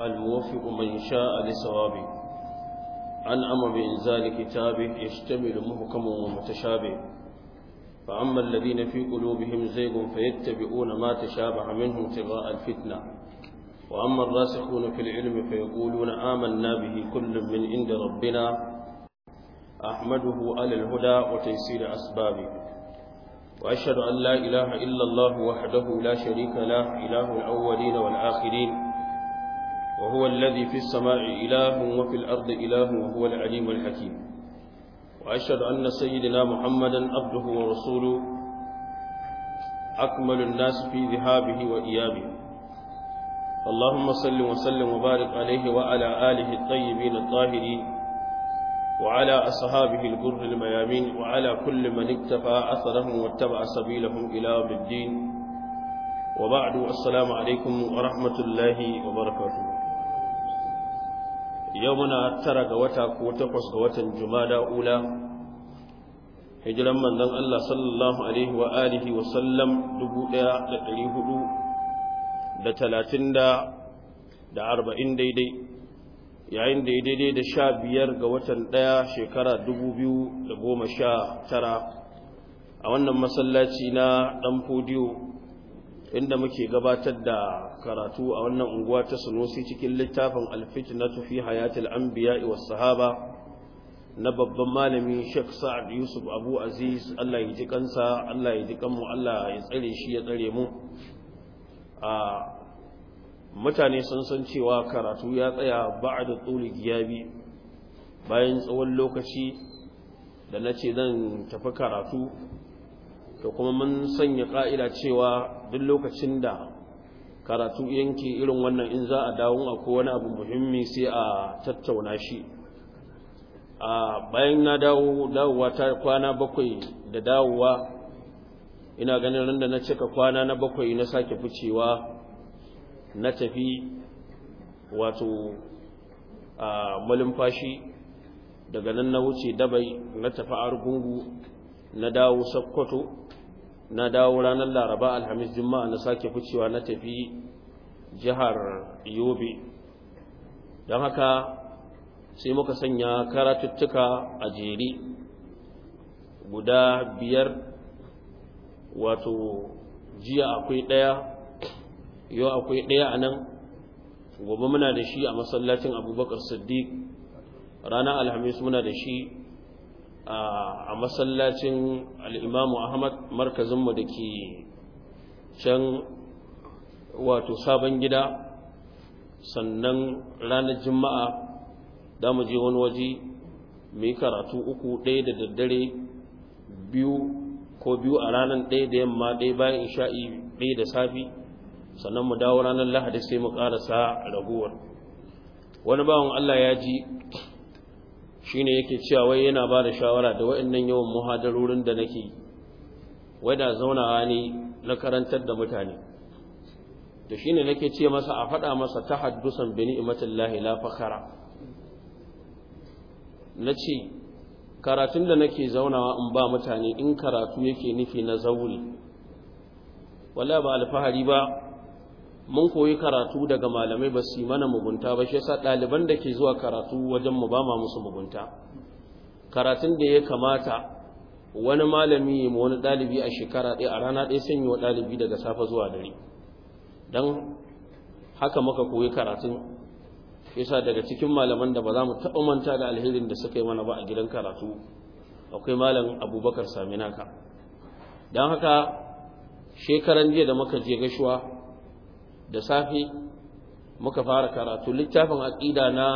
الموفق من شاء لصوابه أنعم بإنزال كتابه يشتمل محكم ومتشابه فأما الذين في قلوبهم زيغ فيتبعون ما تشابه منه ابتغاء الفتنة وأما الراسخون في العلم فيقولون آمنا به كل من عند ربنا أحمده على الهدى وتيسير أسبابه وأشهد أن لا إله إلا الله وحده لا شريك له إله الأولين والآخرين وهو الذي في السماء إله وفي الأرض إله وهو العليم الحكيم وأشهد أن سيدنا محمدا عبده ورسوله أكمل الناس في ذهابه وإيابه اللهم صل وسلم وبارك عليه وعلى آله الطيبين الطاهرين وعلى أصحابه الجر الميامين وعلى كل من اكتفى أثرهم واتبع سبيلهم إلى الدين وبعد السلام عليكم ورحمة الله وبركاته yau muna tara ga wata ko takwas ga watan jumada ula hijiran manzon Allah sallallahu alaihi wa alihi wa sallam 1400 da talatin da da arba'in daidai yayin da daidai da sha biyar ga watan ɗaya shekara dubu biyu da goma sha tara a wannan masallaci na dan fodiyo inda muke gabatar da karatu a wannan unguwa ta sunusi cikin littafin alfitnatu fi hayatil anbiya'i was sahaba na babban malami Sheikh Sa'ad Yusuf Abu Aziz Allah ya ji kansa Allah ya ji kanmu Allah ya tsare shi ya tsare mu a mutane sun san cewa karatu ya tsaya ba'da tsuli giyabi bayan tsawon lokaci da nace zan tafi karatu to kuma mun sanya ka'ida cewa duk lokacin da karatu yanki irin wannan in za a dawo a ko wani abu muhimmi sai a tattauna shi a bayan na dawo dawowa ta kwana bakwai da dawowa ina ganin ran da na cika kwana na bakwai na sake ficewa na tafi wato a malumfashi daga nan na wuce dabai na tafi argungu na dawo sakkwato na dawo ranar laraba alhamis juma'a na sake ficewa na tafi jihar yobe don haka sai muka sanya karatuttuka a jere guda biyar wato jiya akwai ɗaya yau akwai ɗaya a nan gobe muna da shi a masallacin abubakar siddiq ranar alhamis muna da shi a masallacin al'imamu ahmad markazinmu da ke can wato sabon gida sannan ranar juma'a da mu je wani waje mai karatu uku ɗaya da daddare biyu ko biyu a ranar ɗaya da yamma ɗaya bayan isha'i ɗaya da safi sannan mu dawo ranar lahadi sai mu ƙarasa raguwar wani bawan allah ya ji ne yake cewa wai yana ba da shawara da wa'annan yawan muhadarorin da nake wai da zaunawa ne na karantar da mutane da shi shine nake ce masa a faɗa masa ta tahaddusan bi lahi la na ce karatun da nake zaunawa in ba mutane in karatu yake nufi na zauri wala ba alfahari ba mun koyi karatu daga malamai ba su mana mugunta ba shi yasa ɗaliban da ke zuwa karatu wajen mu ba ma musu mugunta karatun da ya kamata wani malami ma wani ɗalibi a shekara ɗaya a rana ɗaya sun yi wa ɗalibi daga safe zuwa dare don haka muka koyi karatun yasa daga cikin malaman da ba za mu taɓa manta da alherin da suka yi mana ba a gidan karatu akwai malam abubakar saminaka don haka shekaran jiya da muka je gashuwa da safe muka fara karatu littafin aƙida na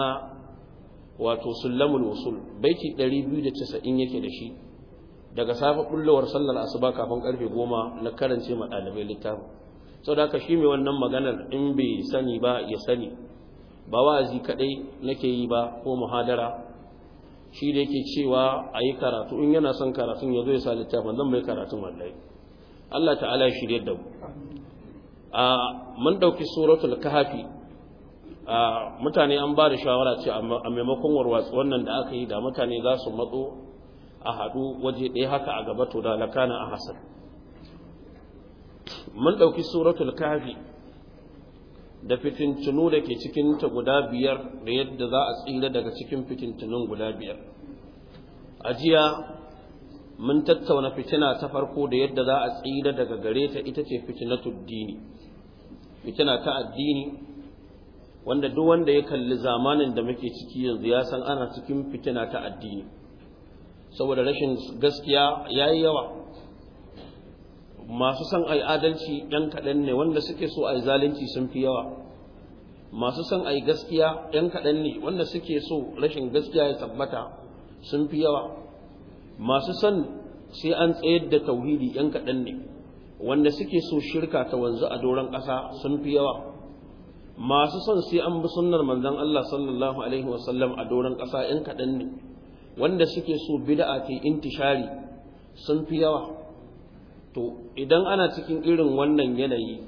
wato sullamul usul baiti 290 yake da shi daga safe kullawar sallar asuba kafin karfe 10 na karance ma ɗalibai littafin sau da haka shi mai wannan maganar in bai sani ba ya sani ba wa'azi kaɗai nake yi ba ko muhadara shi da yake cewa ayi karatu in yana son karatun ya zo ya sa littafin zan bai karatun wallahi Allah ta'ala ya shirya da mu mun ɗauki suratul kahafi mutane an ba da shawara ce a maimakon warwatsu wannan da aka yi da mutane za su matso a haɗu waje ɗaya haka a gaba to da lakana a hasar mun ɗauki suratul kahafi da fitintunu da ke cikin ta guda biyar da yadda za a tsira daga cikin fitintunun guda biyar a jiya mun tattauna fitina ta farko da yadda za a tsira daga gare ta ita ce fitinatu dini fitina ta addini wanda duk wanda ya kalli zamanin da muke ciki yanzu ya san ana cikin fitina ta addini saboda rashin gaskiya ya yi yawa masu son ai adalci ‘yan kaɗan ne wanda suke so ai zalunci sun fi yawa masu son ai gaskiya ‘yan kaɗan ne wanda suke so rashin gaskiya ya tabbata sun fi yawa masu son sai an tsayar da tauhidi ‘yan kaɗan ne wanda suke so shirka ta wanzu a doron ƙasa sun fi yawa masu son sai an bi sunnar manzon Allah sallallahu alaihi wasallam a doron ƙasa in kaɗan ne wanda suke so bid'a ta intishari sun fi yawa to idan ana cikin irin wannan yanayi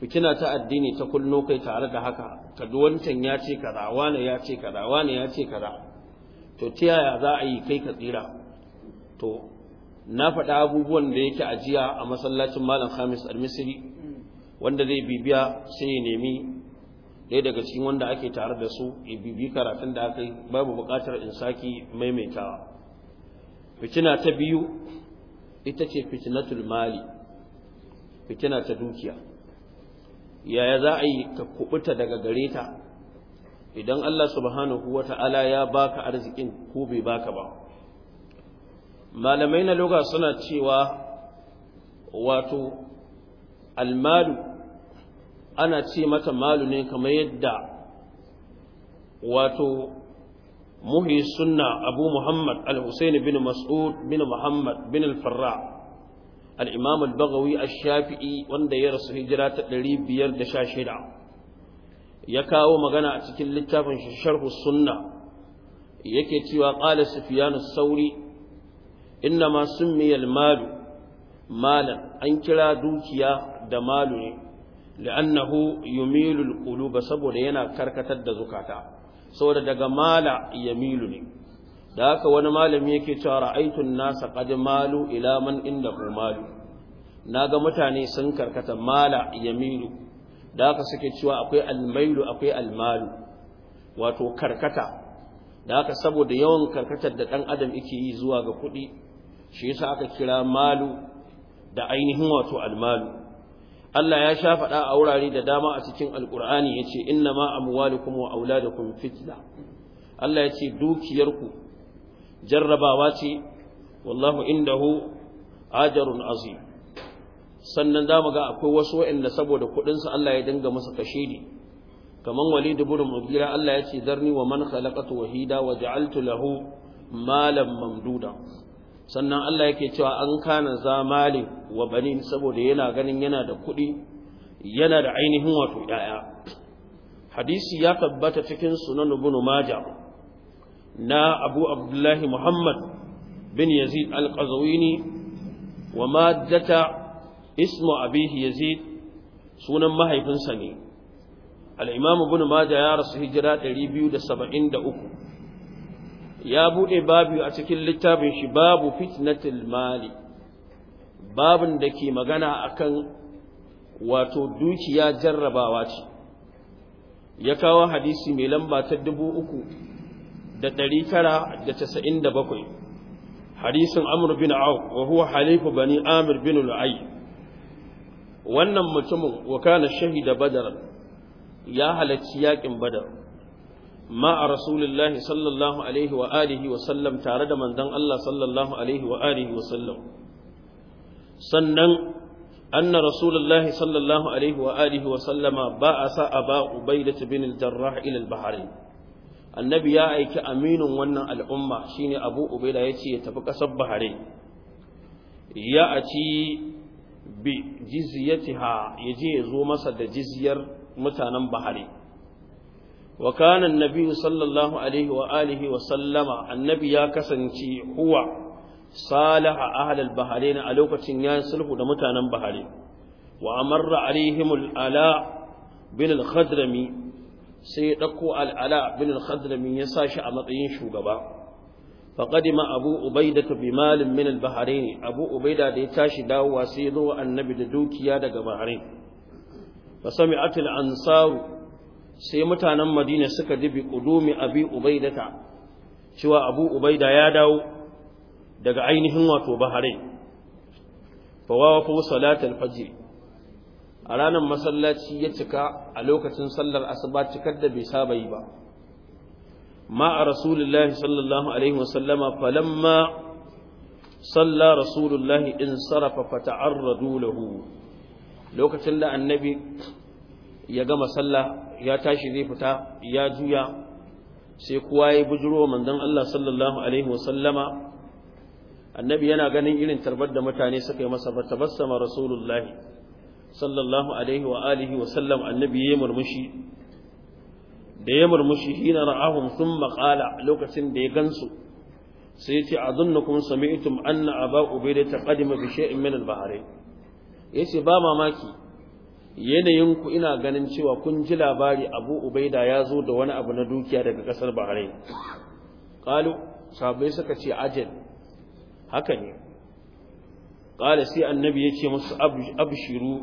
fitina ta addini ta kullo kai tare da haka ka wancan ya ce kaza wani ya ce kaza wani ya ce kaza to ta yaya za a yi kai ka tsira to na faɗa abubuwan da yake ajiya a masallacin malam khamis al-misri wanda zai bibiya sai ya nemi ɗaya daga cikin wanda ake tare da su ya bibi karatun da aka yi babu buƙatar in saki maimaitawa fitina ta biyu ita ce fitinatul mali fitina ta dukiya yaya za a yi ka kubuta daga gare ta idan Allah subhanahu wa ta'ala ya baka arzikin ko bai baka ba malamai na loga suna cewa wato almalu ana ce mata malu ne kamar yadda wato muhi sunna abu muhammad al-husayn bin mas'ud bin muhammad bin al-farra bagawi a shafi'i, wanda ya rasu hijira ta 516 ya kawo magana a cikin littafin sharhu sunna yake cewa qala sufyan as-sauri ma summiyal malu malan an kira dukiya da malu ne li'annahu yumilul quluba saboda yana karkatar da zukata saboda daga mala yamilu ne da haka wani malami yake cewa ra'aitun nasa qad malu ila man indahu malu naga mutane sun karkata mala yamilu da haka suke cewa akwai almailu akwai almalu wato karkata da haka saboda yawan karkatar da dan adam yake yi zuwa ga kuɗi shi yasa aka kira malu da ainihin wato almalu Allah ya sha faɗa a wurare da dama a cikin alkur'ani ya ce inna ma amwalukum wa auladukum fitna Allah ya ce dukiyarku jarrabawa ce wallahu indahu ajarun azim sannan za mu ga akwai wasu waɗanda saboda kuɗinsu Allah ya dinga masa kashe ne kaman Walidu, ibn mugira, Allah ya ce zarni wa man khalaqatu wahida wa ja'altu lahu malam mamduda sannan Allah yake cewa an kana zamalin wa banin saboda yana ganin yana da kuɗi yana da ainihin wato 'ya'ya. hadisi ya tabbata cikin sunan ibn majah na abu abdullahi muhammad bin yazid al-qazwini wa maddata ismu abihi yazid sunan mahaifinsa ne al-imam ibn majah ya rasu hijira 273 ya buɗe babu a cikin littafin shi babu fitnatul mali babun da ke magana akan wato dukiya jarrabawa ce ya kawo hadisi mai lamba ta dubu uku da da casa'in da hadisin amr bin au wa huwa halifu bani amir bin lu'ai wannan mutumin wa kana shahida badar ya halacci yaƙin badar Ma'a a sallallahu alaihi wa wa sallam tare da manzon Allah sannan anna rasulullahi sallallahu alaihi wa wa sallama ba a sa aba ubaidah bin al-jarrah ila al annabi ya aiki aminin wannan al'umma shine abu ubaida yace ya tafi kasar bahrain ya ci bi ya yaje ya zo masa da jizyar mutanen bahrain wa kana annabi sallallahu alaihi wa wa sallama annabi ya kasance huwa salaha ahlal bahrain a lokacin ya sulhu da mutanen bahrain wa amarra alaihim ala bin al sai ya dauko al ya sa shi a matsayin shugaba فقدم أبو أبيدة بمال من البحرين أبو أبيدة دي تاشي داو وسيدو النبي دوكيا دقى بحرين فسمعت الأنصار sai mutanen madina suka dibi ƙudumi abi ubaidata cewa abu ubaida ya dawo daga ainihin wato baharai fawawa fa salatul fajr a ranar masallaci ya cika a lokacin sallar asuba cikar da bai saba yi ba ma a rasulullahi sallallahu alaihi wasallama falamma salla rasulullahi in sarafa fata'arradu lahu lokacin da annabi ya gama sallah ya tashi zai fita ya juya sai kowa ya bujiro manzon Allah sallallahu alaihi wasallama annabi yana ganin irin tarbar da mutane suka yi masa ba tabassama rasulullahi sallallahu alaihi wa alihi wa sallam annabi ya murmushi da ya murmushi hina ra'ahum thumma qala lokacin da ya gansu sai ya ce azunnukum sami'tum anna aba ubayda taqaddama bi shay'in min al-bahrain yace ba mamaki Yanayinku ina ganin cewa kun ji labari Abu Ubaida ya zo da wani abu na dukiya daga ƙasar Bahrain Ƙalu sahabbai suka ce ajal haka ne qala sai annabi yace musu abshiru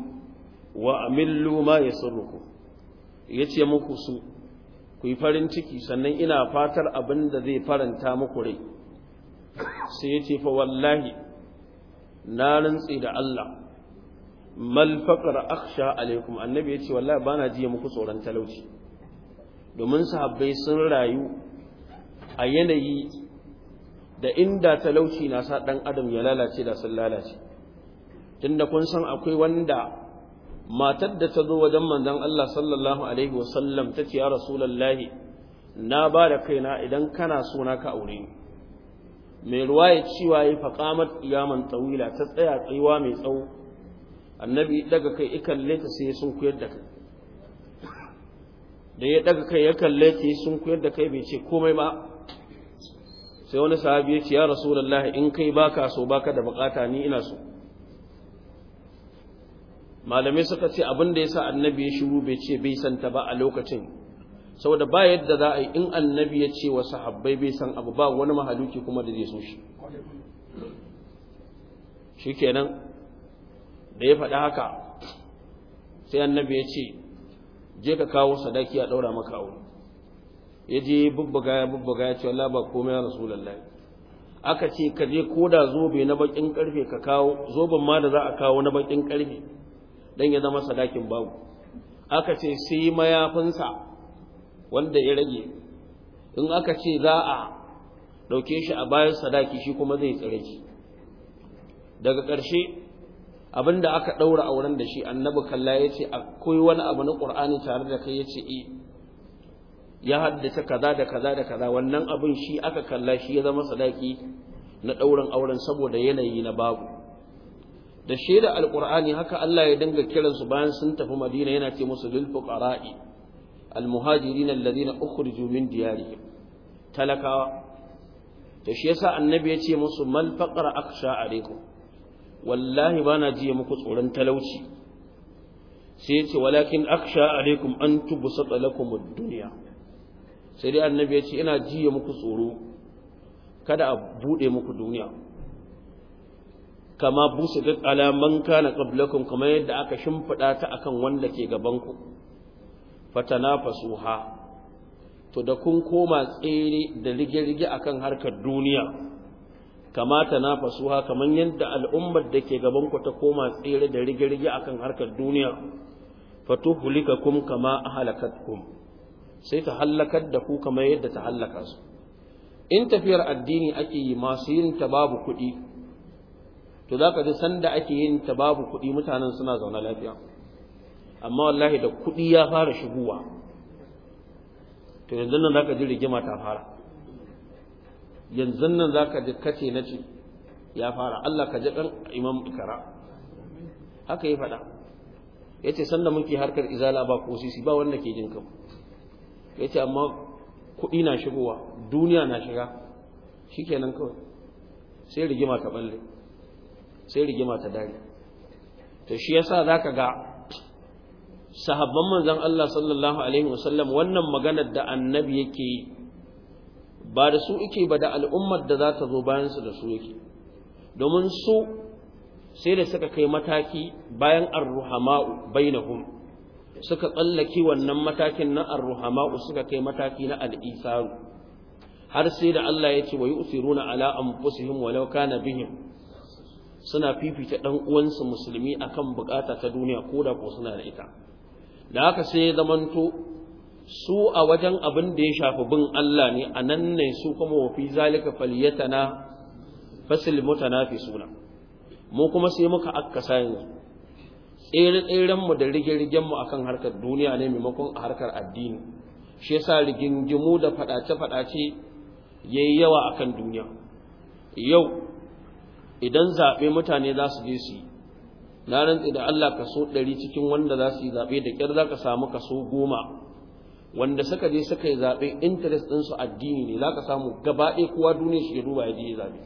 wa amillu ma ya yace muku su ku yi farin ciki sannan ina fatar abin da zai faranta muku rai sai yace fa wallahi na rantsi da Allah mal faqra aksha alaikum annabi ce, wallahi bana jiya muku tsoron talauci domin sahabbai sun rayu a yanayi da inda talauci na sa ɗan adam ya lalace da sun lalace tunda kun san akwai wanda matar da ta zo wajen manzon Allah sallallahu alaihi wasallam ta ce ya rasulullahi na ba da kaina idan kana so na ka aure ni mai ruwa ya ciwaye ya iyaman tawila ta tsaya tsayuwa mai tsawo annabi daga kai ya kalle ta sai sun kuyar da kai da ya daga kai ya kalle ta sun kuyar da kai bai ce komai ba sai wani sahabi ya ce ya rasulullah in kai baka so baka da bukata ni ina so malamai suka ce abin da ya yasa annabi ya shiru bai ce bai san ta ba a lokacin saboda ba yadda za a yi in annabi ya ce wa sahabbai bai san abu ba wani mahaluki kuma da zai so shi shikenan da ya faɗi haka sai annabi ya ce je ka kawo sadaki a ɗaura maka aure ya je bubbuga ya bubbuga ya ce wala ba komai ya lallai aka ce ka je da zobe na bakin karfe ka kawo zoben ma da za a kawo na bakin karfe don ya zama sadakin babu aka ce sai mayafinsa wanda ya rage in aka ce za a dauke shi a bayan sadaki shi kuma zai tsare shi daga ƙarshe Abin da aka daura auren da shi annabi kalla ya ce, akwai wani abu na qur'ani tare da kai ce eh ya haddace kaza da kaza da kaza wannan abin shi aka kalla shi ya zama sadaki na daurin auren saboda yanayi na babu da shaida alqur'ani haka Allah ya dinga kiransu bayan sun tafi Madina yana ce musu lil fuqara'i almuhajirin alladhina ukhriju min diyarihim talakawa to shi yasa annabi ya ce musu mal faqra akhsha wallahi ba na jiya muku tsoron talauci sai ya ce walakin aksha alaikum an tubusata lakum duniya sai dai annabi ya ce ina jiya muku tsoro kada a buɗe muku duniya kama busitat ala man kana qablakum kamar yadda aka shimfiɗa ta akan wanda ke gaban ku ha. to da kun koma tsere da rige-rige akan harkar duniya kamata na fasuha kamar yadda al'ummar da ke gaban ta koma tsere da rigirgi akan harkar duniya fatuhlikakum kama ahlakatkum sai ta halakar da ku kamar yadda ta halaka su in tafiyar addini ake yi masu yin ta babu kuɗi to za ka ji sanda ake yin ta babu kuɗi mutanen suna zaune lafiya amma wallahi da kuɗi ya fara shigowa to yanzu nan za ka ji rigima ta fara yanzu nan za ka ji kace na ce ya fara Allah ka ji ɗan imam ikara haka ya faɗa ya ce sanda muke harkar izala ba ko sisi ba wanda ke jin kam ya ce amma kuɗi na shigowa duniya na shiga shi kenan kawai sai rigima ta balle sai rigima ta dare to shi yasa za ka ga sahabban manzon Allah sallallahu alaihi wasallam wannan maganar da annabi yake yi ba da su ike ba da al'ummar da za ta zo bayansu da su yake domin su sai da suka kai mataki bayan arruhama'u bainahum suka tsallake wannan matakin na arruhama'u suka kai mataki na al'isaru har sai da Allah ya ce wa yu'thiruna ala anfusihim walau na bihim suna fifita dan uwansu musulmi kan bukata ta duniya koda ko suna da ita da haka sai ya zamanto su a wajen abin da ya shafi bin Allah ne a nan ne su kuma wafi zalika falyatana fasil mutanafisuna mu kuma sai muka akkasa yanzu tsere tseren mu da rige-rigen mu akan harkar duniya ne maimakon a harkar addini shi yasa rigingimu da fadace-fadace yayi yawa akan duniya yau idan zaɓe mutane za su je su yi na rantsi da Allah kaso ɗari cikin wanda za su yi zaɓe da ƙyar za ka samu kaso goma wanda suka je suka yi zaɓe interest ɗinsu addini ne za ka samu gaba ɗaya kowa duniya shi ya duba ya je zaɓe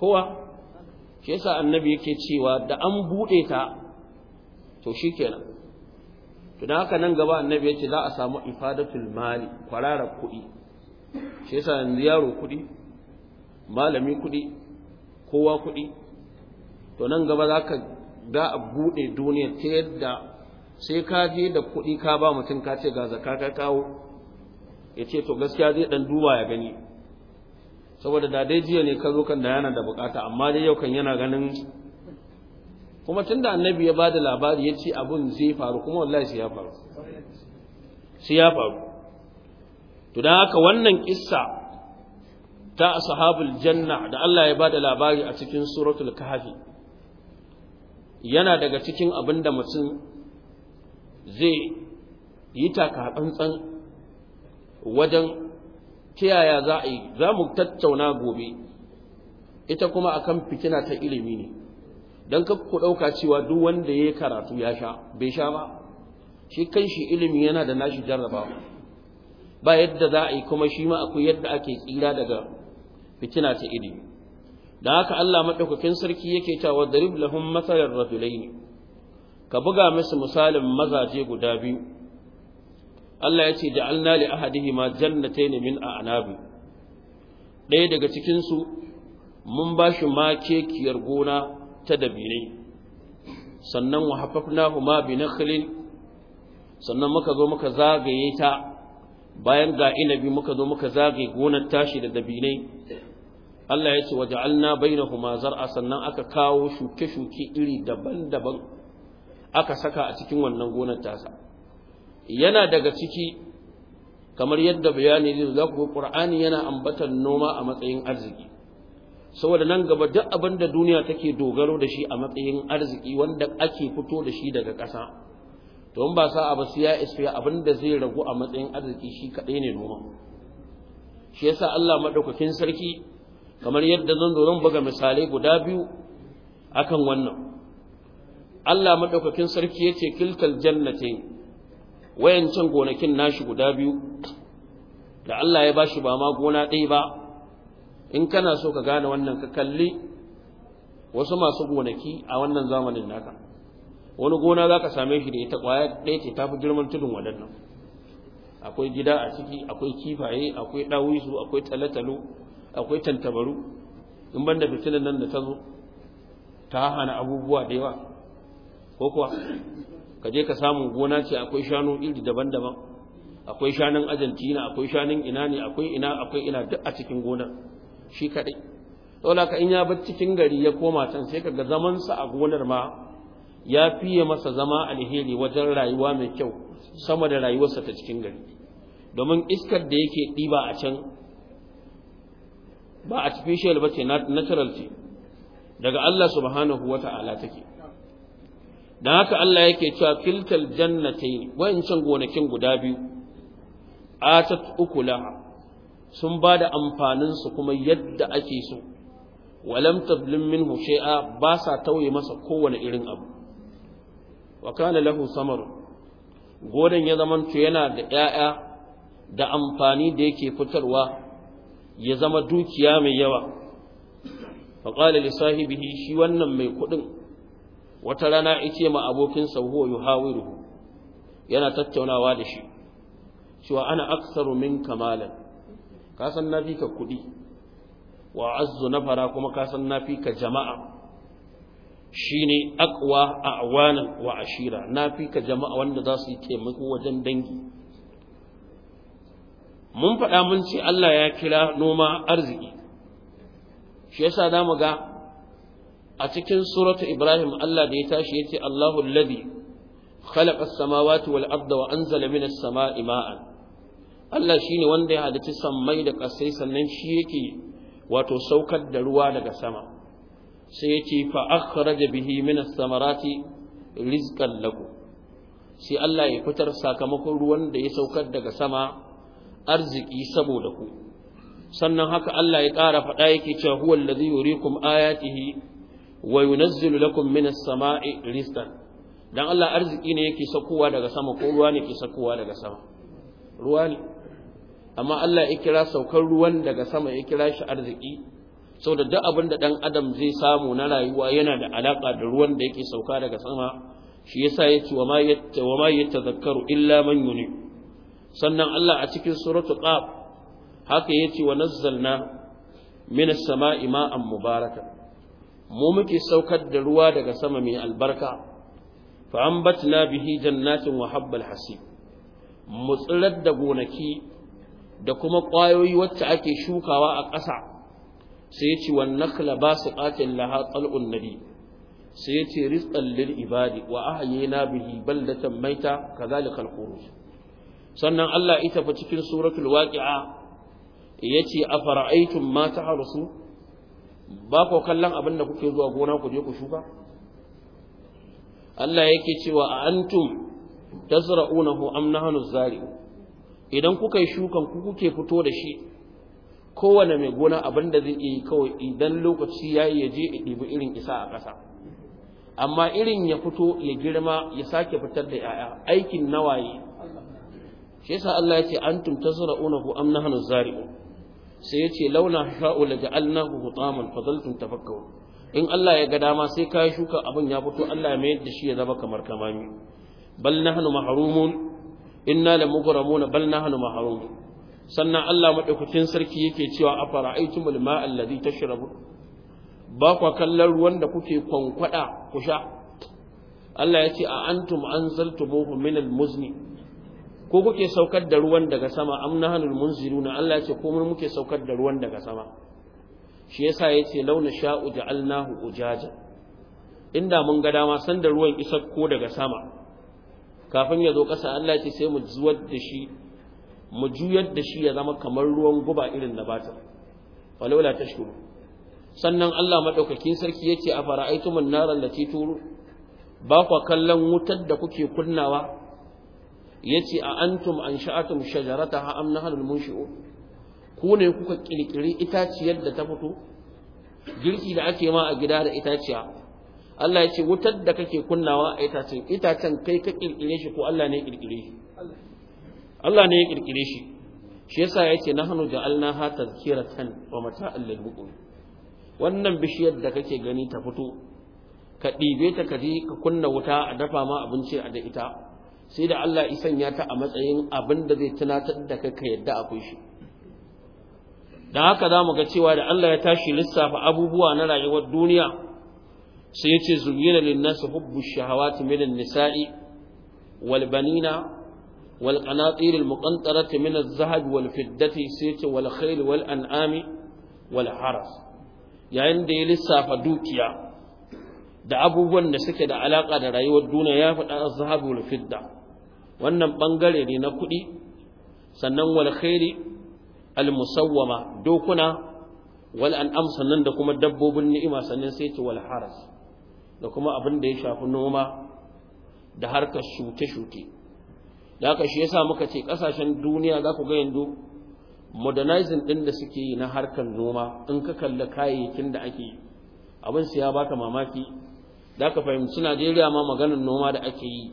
kowa shi yasa annabi yake cewa da an buɗe ta to shi kenan to da haka nan gaba annabi ya ce za a samu ifadatul mali kwararar kuɗi shi yasa yanzu yaro kuɗi malami kuɗi kowa kuɗi to nan gaba za ka ga a buɗe duniya ta yadda sai ka je da kuɗi ka ba mutum ka ce ga zaka ka kawo ya ce to gaskiya zai ɗan duba ya gani saboda da dai jiya ne ka zo kan da yana da bukata amma dai yau kan yana ganin kuma tun da annabi ya bada labari ya ce abun zai faru kuma wallahi sai ya faru sai ya faru to dan haka wannan kissa ta ashabul janna da Allah ya ba da labari a cikin suratul kahfi yana daga cikin abinda mutum zai yi taka takatsantsan wajen kiyaya za a yi za mu tattauna gobe ita kuma akan fitina ta ilimi ne don ka ku ɗauka cewa duk wanda ya yi karatu ya sha bai sha ba shi kan shi ilimi yana da nashi jarrabawa ba yadda za a yi kuma shi ma akwai yadda ake tsira daga fitina ta ilimi da haka Allah maɗaukakin sarki yake cewa darib lahum masalan rajulaini ka buga musu misalin mazaje guda biyu Allah ya ce da alna li ma jannatayn min a'nabi ɗaya daga cikin su mun bashi kekiyar gona ta dabinai sannan wa ma bi nakhlin sannan muka zo muka zagaye ta bayan ga inabi muka zo muka zagaye gonar tashi da dabinai Allah ya ce waja'alna bainahuma zar'a sannan aka kawo shuke-shuke iri daban-daban aka saka a cikin wannan gonar tasa yana daga ciki kamar yadda bayani zai za ku Qur'ani yana ambatan noma a matsayin arziki saboda nan gaba duk abin da duniya take dogaro da shi a matsayin arziki wanda ake fito da shi daga ƙasa to in ba sa abu ya isfiya abin da zai ragu a matsayin arziki shi kaɗai ne noma shi yasa Allah madaukakin sarki kamar yadda zan zo zan buga misalai guda biyu akan wannan Allah madaukakin sarki ya ce kilkal jannatin wayancan gonakin nashi guda biyu da Allah ya bashi ba ma gona ɗaya ba in kana so ka gane wannan ka kalli wasu masu gonaki a wannan zamanin naka wani gona za ka same shi da ita ƙwaya ɗaya ce ta fi girman tudun waɗannan akwai gida a ciki akwai kifaye akwai ɗawisu akwai talatalo akwai tantabaru in banda fitinan nan da tazo, zo ta hana abubuwa da yawa ko kuwa ka je ka samu gona ce akwai shanu iri daban-daban akwai shanun Argentina akwai shanun ina ne akwai ina akwai ina duk a cikin gona shi kaɗai. ɗaula ka in ya bar cikin gari ya koma can sai kaga zaman sa a gonar ma ya fiye masa zama alheri wajen rayuwa mai kyau sama da rayuwarsa ta cikin gari domin iskar da yake ɗiba a can ba artificial ba ce natural ce daga Allah subhanahu wata'ala take Da haka Allah yake cewa kiltal wayan can gonakin guda biyu atat ukula sun ba da amfaninsu kuma yadda ake so walam tablim minhu shay'a ba sa tauye masa kowane irin abu wa kana lahu samar godan ya zamanto yana da 'ya'ya da amfani da yake fitarwa ya zama dukiya mai yawa fa qala li sahibihi shi wannan mai kuɗin. wata rana ice ma abokinsa huwa yuhawiruhu yana tattaunawa da shi cewa ana aksaru min kamalan ka san na fi ka kuɗi wa azzu nafara kuma ka san na fi ka jama'a shine aqwa Awana wa ashira na fi ka jama'a wanda za su yi taimako wajen dangi mun faɗa mun ce Allah ya kira noma arziki shi yasa mu ga a cikin suratu ibrahim Allah da ya tashi yace Allahu alladhi khalaqa as-samawati wal arda wa anzala minas sama'i ma'an Allah shine wanda ya halicci sammai da ƙasai sannan shi yake wato saukar da ruwa daga sama sai yace fa akhraja bihi minas samarati rizqan lakum sai Allah ya fitar sakamakon ruwan da ya saukar daga sama arziki saboda ku sannan haka Allah ya ƙara faɗa yake cewa huwa allazi yuriikum ayatihi wa yunazzilu lakum minas sama'i rizqan dan Allah arziki ne yake sakowa daga sama ko ruwa ne yake sakowa daga sama ruwa ne amma Allah ya kira saukar ruwan daga sama ya kira shi arziki saboda duk abin da dan adam zai samu na rayuwa yana da alaka da ruwan da yake sauka daga sama shi yasa yace wa wa ma yatazakkaru illa man yuni sannan Allah a cikin suratul qaf haka yace wa nazzalna minas sama'i ma'an mubarakan mu muke saukar da ruwa daga sama mai albarka fa ambatna bihi jannatin wa habbal hasib mu tsirar da gonaki da kuma ƙwayoyi wacce ake shukawa a ƙasa sai ce wan nakla basiqatin laha tal'un nabi sai ya ce rizqan lil ibadi wa ahyayna bihi baldatan maita kadhalika al khuruj sannan Allah ita fa cikin suratul waqi'a yace afara'aytum ma tahrusu ba ku kallon abin da kuke zuwa gona ku je ku shuka Allah yake cewa a antum tazra'unahu am nahnu zari, idan kuka yi shukan ku kuke fito da shi kowane mai gona abin da zai yi kawai idan lokaci yayi ya je ya dibi irin isa a ƙasa amma irin ya fito ya girma ya sake fitar da 'ya'ya aikin nawaye shi yasa Allah ya ce antum tazra'unahu am nahnu zari. sai ya ce launa sha'u la ja'alnahu hutaman fadaltum tafakkaru in Allah ya ga dama sai ka shuka abin ya fito Allah ya mayar shi ya zama kamar kamami bal na nahnu mahrumun inna da mugramuna bal na hannu maharumun sannan Allah maɗaukacin sarki yake cewa a afara'aytumul ma'a alladhi tashrabu ba kwa kallon ruwan da kuke kwankwada ku sha Allah ya ce a antum anzaltumuhu min al-muzni ko kuke saukar da ruwan daga sama am nahnul munziruna Allah ce ko mun muke saukar da ruwan daga sama shi yasa yace launa sha'u ja'alnahu ujaja inda mun ga dama san da ruwan isa ko daga sama kafin ya zo ƙasa Allah ya ce sai mu zuwar da shi mu juyar da shi ya zama kamar ruwan guba irin na bata walaula tashkuru sannan Allah madaukakin sarki yace a fara'aitum an-nar turu ba kwa kallon wutar da kuke kunnawa yace a antum ansha'atum shajarataha am nahnul munshi'u ku ne kuka kirkire itaciyar da ta fito girki da ake ma a gida da itaciya Allah ya ce wutar da kake kunnawa a itacin itacen kai ka kirkire shi ko Allah ne ya kirkire shi Allah ne ya kirkire shi shi yasa yace nahnu ha tazkiratan wa mata'an lil muqmin wannan bishiyar da kake gani ta fito ka ɗibe ta ka je ka kunna wuta a dafa ma abinci a da ita sai da Allah ya sanya ta a matsayin abin da zai tunatar da kai ka yadda akwai shi dan haka zamu ga cewa da Allah ya tashi lissafa abubuwa na rayuwar duniya sai yace zuyyina lin-nasi hubbu shahawati minan nisa'i wal banina wal qanatir al-muqantarati min az-zahab wal fiddati sai wal khayl wal an'ami wal haras yayin da ya lissafa dukiya da abubuwan da suke da alaka da rayuwar duniya ya faɗa az wal fidda wannan ɓangare ne na kuɗi sannan wal khairi al musawwama dokuna wal an'am sannan da kuma dabbobin ni'ima sannan sai ce wal haras da kuma abin da ya shafi noma da harkar shuke-shuke da haka shi yasa muka ce ƙasashen duniya za ku ga yanzu modernizing ɗin da suke yi na harkar noma in ka kalla kayayyakin da ake yi abin su ya baka mamaki da ka fahimci Najeriya ma maganar noma da ake yi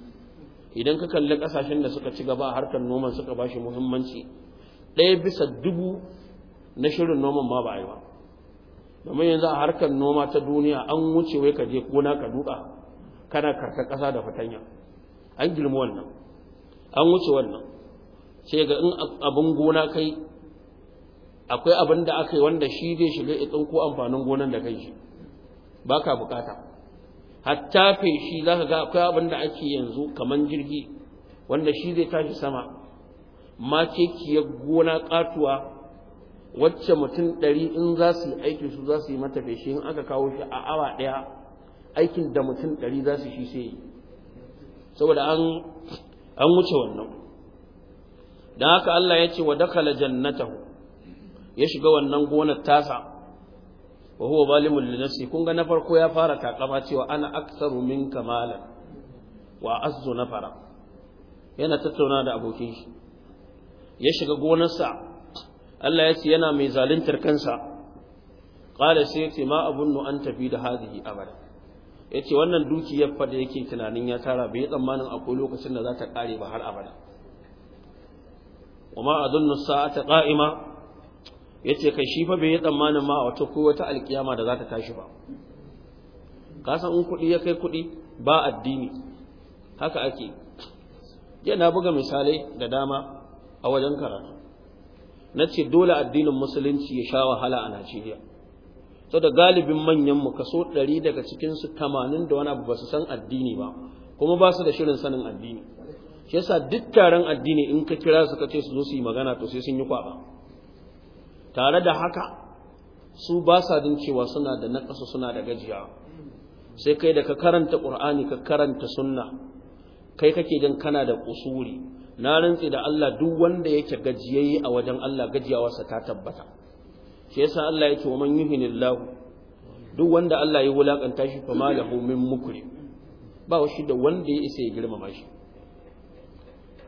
idan ka kalli kasashen da suka ci gaba harkar noman suka ba shi muhimmanci ɗaya bisa dubu na shirin noman ma ba a yi ba domin yanzu a harkar noma ta duniya an wuce wai ka je gona ka duka kana karka ƙasa da fatanya an girma wannan an wuce wannan sai ga in abin gona kai akwai abin da aka yi wanda shi zai shiga ya tsinko amfanin gonan da kai shi ba ka bukata hatta feshi za ga akwai abin da ake yanzu kamar jirgi wanda shi zai tashi sama mace kiyar gona katuwa wacce mutum ɗari in za su yi aiki su za su yi mata feshi in aka kawo shi a awa ɗaya aikin da mutum ɗari za su shi sai yi saboda an wuce wannan don haka Allah ya ce wa dakala jannatahu ya shiga wannan gonar tasa wa huwa zalimun li nafsi kun ga na farko ya fara takama cewa ana aktsaru minka malan wa azzu nafara yana tattauna da abokin shi ya shiga gonarsa Allah ya ce yana mai zaluntar kansa qala sai ya ce ma abunnu an tafi da hadhihi abada yace wannan dukiyar fa da yake tunanin ya tara bai tsammanin akwai lokacin da za ta kare ba har abada وما أظن الساعة قائمة yace kai shi fa bai yi tsammanin ma a wata ko wata alkiyama da za ta tashi ba kasan in kuɗi ya kai kuɗi ba addini haka ake na buga misalai da dama a wajen karatu na ce dole addinin musulunci ya sha wahala a Najeriya sau da galibin manyan mu kaso ɗari daga cikin su tamanin da wani abu ba su san addini ba kuma ba su da shirin sanin addini shi yasa duk taron addini in ka kira su ka ce su zo su yi magana to sai sun yi kwaba tare da haka su ba sa din cewa suna da naƙasa suna da gajiya sai kai da ka karanta ƙur'ani ka karanta sunna kai kake jin kana da kusuri na rantsi da Allah duk wanda yake gajiyayye a wajen Allah gajiyawarsa ta tabbata shi yasa Allah yake wa man yuhinillahu duk wanda Allah ya wulakanta shi fa malahu min mukri ba shi da wanda ya isa ya girmama shi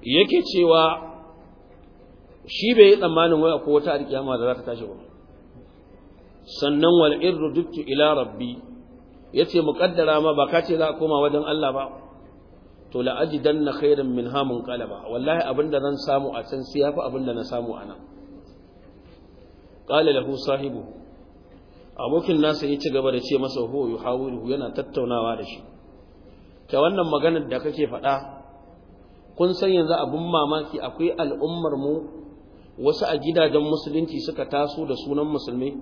yake cewa shi bai yi tsammanin wai akwai wata alkiyama da za ta tashi ba sannan wal irru duktu ila rabbi yace muqaddara ma ba ka ce za a koma wajen Allah ba to la ajidanna khairan min hamun qalaba wallahi abinda zan samu a can sai yafi abinda na samu a nan qala lahu sahibu abokin nasa ya ci gaba da ce masa ho yuhawiru yana tattaunawa da shi ta wannan maganar da kake faɗa kun san yanzu abun mamaki akwai al'ummar mu wasu a gidajen musulunci suka taso da sunan musulmi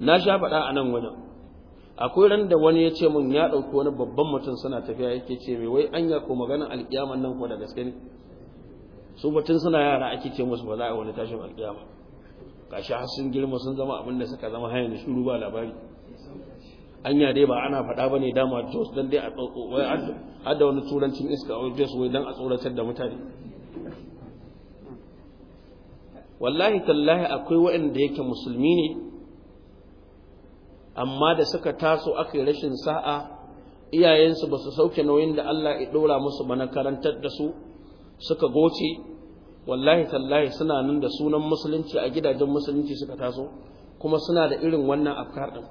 na sha faɗa a nan wajen akwai ran da wani ya ce min ya ɗauki wani babban mutum suna tafiya yake ce mai wai anya ko maganar alƙiyamar nan ko da gaske ne su batun suna yara ake ce musu ba za a wani tashin alƙiyama gashi har sun girma sun zama abin da suka zama hanyar shuru ba labari anya dai ba ana faɗa ba ne dama jos don dai a wai har da wani turancin iska a jos wai don a tsoratar da mutane wallahi tallahi akwai waɗanda yake musulmi ne amma da suka taso aka rashin sa'a iyayensu ba su sauke nauyin da Allah ya ɗora musu ba na karantar da su suka goce wallahi tallahi suna nan da sunan musulunci a gidajen musulunci suka taso kuma suna da irin wannan afkar ɗin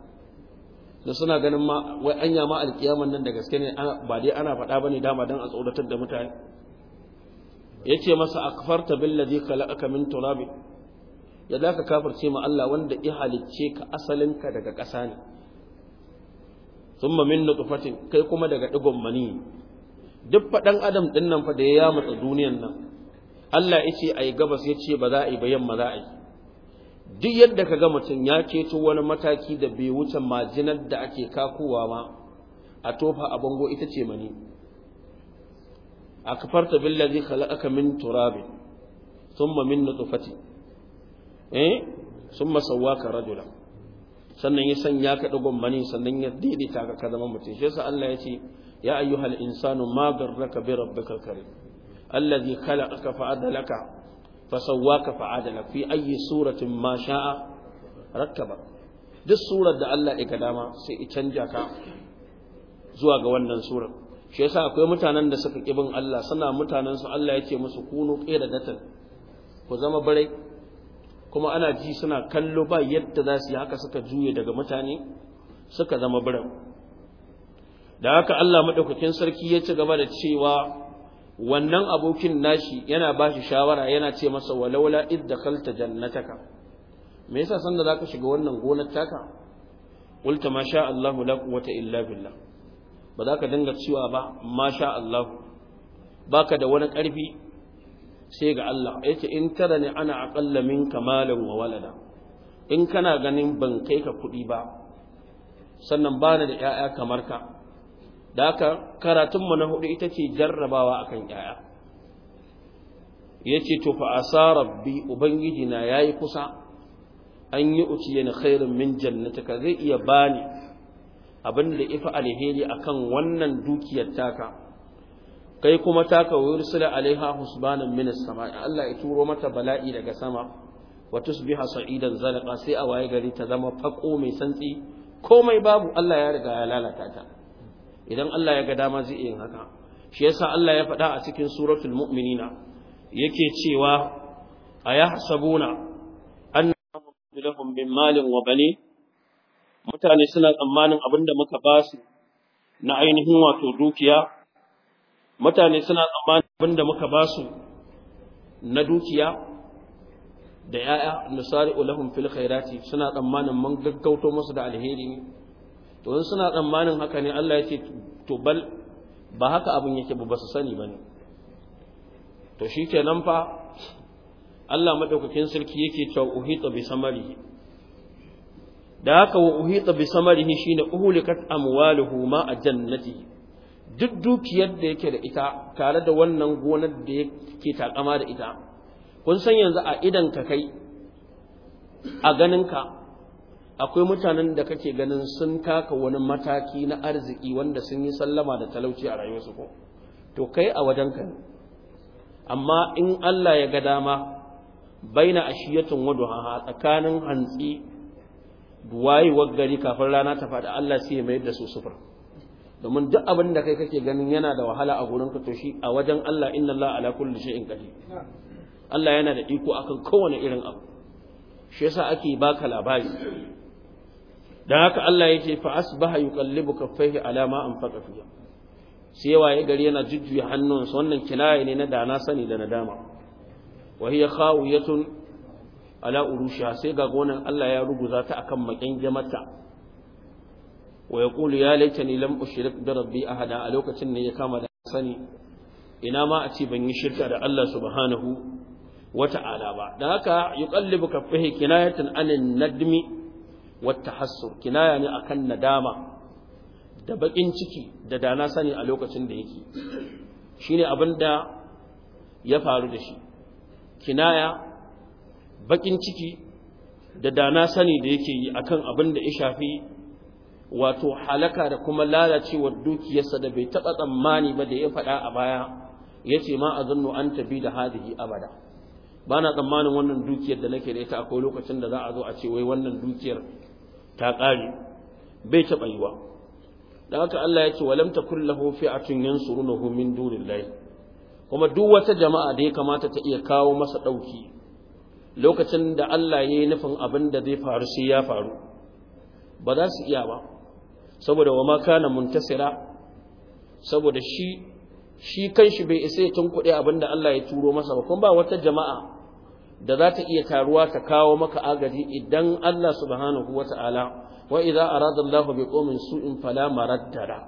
da suna ganin ma wai anya ma alƙiyaman nan da gaske ne ba dai ana faɗa bane dama don a tsoratar da mutane yace masa akfarta billazi khalaqaka min turab ya zaka kafirce ma Allah wanda ya halicce ka asalin ka daga kasa ne thumma min nutfatin kai kuma daga digon mani duk faɗan adam ɗin nan fa da ya matsa duniyan nan Allah yace ai gabas yace ba za a yi ba yamma za a duk yadda ka ga mutum ya keto wani mataki da bai wuce majinar da ake kakowa ma a tofa a bango ita ce mani akfarta billazi khalaqaka min turabin thumma min nutfati eh thumma sawwaka rajula sannan ya sanya ka dugon mani sannan ya daidaita ka ka zama mutum shi yasa Allah ya ce ya ayyuhal insanu ma darraka bi rabbikal karim allazi khalaqaka fa adalaka fa sawwaka fa adalaka fi ayyi suratin ma sha'a rakkaba duk surar da Allah ya ga dama sai i canja ka zuwa ga wannan surar shi yasa akwai mutanen da suka ƙi bin Allah suna mutanen su Allah ya ce musu kunu datan ku zama bare kuma ana ji suna kallo ba yadda za su yi haka suka juye daga mutane suka zama bare da haka Allah madaukakin sarki ya ci gaba da cewa wannan abokin nashi yana ba shi shawara yana ce masa walaula id dakhalta jannataka me yasa sanda zaka shiga wannan gonar taka qulta ma sha Allahu la quwwata illa billah ba za ka dinga cewa ba masha Allah ka da wani ƙarfi sai ga Allah Ya ce in tara ne ana aƙalla min kamalin wa walada in kana ganin ban kai ka kuɗi ba sannan ba na da 'ya'ya kamar ka da haka karatun mu na hudu ita ce jarrabawa a akan 'ya'ya ce to fa asa rabbi ubangiji na ya yi kusa an yi uci yana khairin min Ka zai iya bani abin da ifa alheri akan wannan dukiyar taka kai kuma taka yursila alaiha husbanan min as-sama'i Allah ya turo mata bala'i daga sama wa tusbiha sa'idan zalqa sai a waye gari ta zama fako mai santsi komai babu Allah ya riga ya lalata ta idan Allah ya ga dama zai yin haka shi yasa Allah ya faɗa a cikin suratul mu'minina yake cewa ayahsabuna annahum lahum min malin wa banin mutane suna tsammanin abin da muka ba su na ainihin wato dukiya mutane suna tsammanin abin da muka ba su na dukiya da ‘ya'ya nusari ulahun fil khairati suna tsammanin man gaggauto musu da alheri ne to suna tsammanin haka ne Allah ya ce to bal ba haka abin yake ba su sani ba ne to shi nan fa Allah maɗaukakin sarki yake cewa uhita bi samari da haka wa uhita bi samarihi shine uhulikat amwaluhu ma a jannati duk dukiyar da yake da ita tare da wannan gonar da yake takama da ita kun san yanzu a idan ka kai a ganin ka akwai mutanen da kake ganin sun taka wani mataki na arziki wanda sun yi sallama da talauci a rayuwarsu ko to kai a wajen ka amma in Allah ya ga dama baina ashiyatun waduha tsakanin hantsi wayewar gari kafin rana ta faɗi Allah sai ya mayar da su sufur domin duk abin da kai kake ganin yana da wahala a gurin ka to shi a wajen Allah inna Allah ala kulli shay'in qadir Allah yana da iko akan kowane irin abu shi yasa ake baka labari dan haka Allah yake fa asbaha yuqallibu kaffaihi ala ma anfaqa fiha sai waye gari yana jujjuya hannunsa wannan kinaya ne na dana sani da nadama wa hiya khawiyatun ala urusha sai ga gonan Allah ya ruguza ta akan makangamarta wa yaqulu ya laitani lam ushrik bi rabbi ahada a lokacin ne ya kama da sani ina ma a ce ban yi shirka da Allah subhanahu wata'ala ba dan haka yuqallibu kaffahi kinayatan anin nadmi wat tahassur kinaya ne akan nadama da bakin ciki da dana sani a lokacin da yake shine abinda ya faru da shi kinaya bakin ciki da dana sani da yake yi akan abin da ya shafi wato halaka da kuma lalacewar dukiyarsa da bai taɓa tsammani ba da ya faɗa a baya ya ce ma a zannu an da hadihi abada Bana tsammanin wannan dukiyar da nake da ita akwai lokacin da za a zo a ce wai wannan dukiyar ta ƙare bai taɓa yiwa da haka Allah ya ce walam a lahu fi'atun yansurunahu min dunillahi kuma duk wata jama'a da ya kamata ta iya kawo masa ɗauki lokacin da Allah ya yi nufin abin da zai faru sai ya faru ba za su iya ba saboda wa maka na muntasira saboda shi shi kanshi bai isa tun kuɗi abin da Allah ya turo masa ba kuma ba wata jama'a da za ta iya taruwa ta kawo maka agaji idan Allah subhanahu wata'ala wa idza arada Allah bi qaumin su'in fala maraddara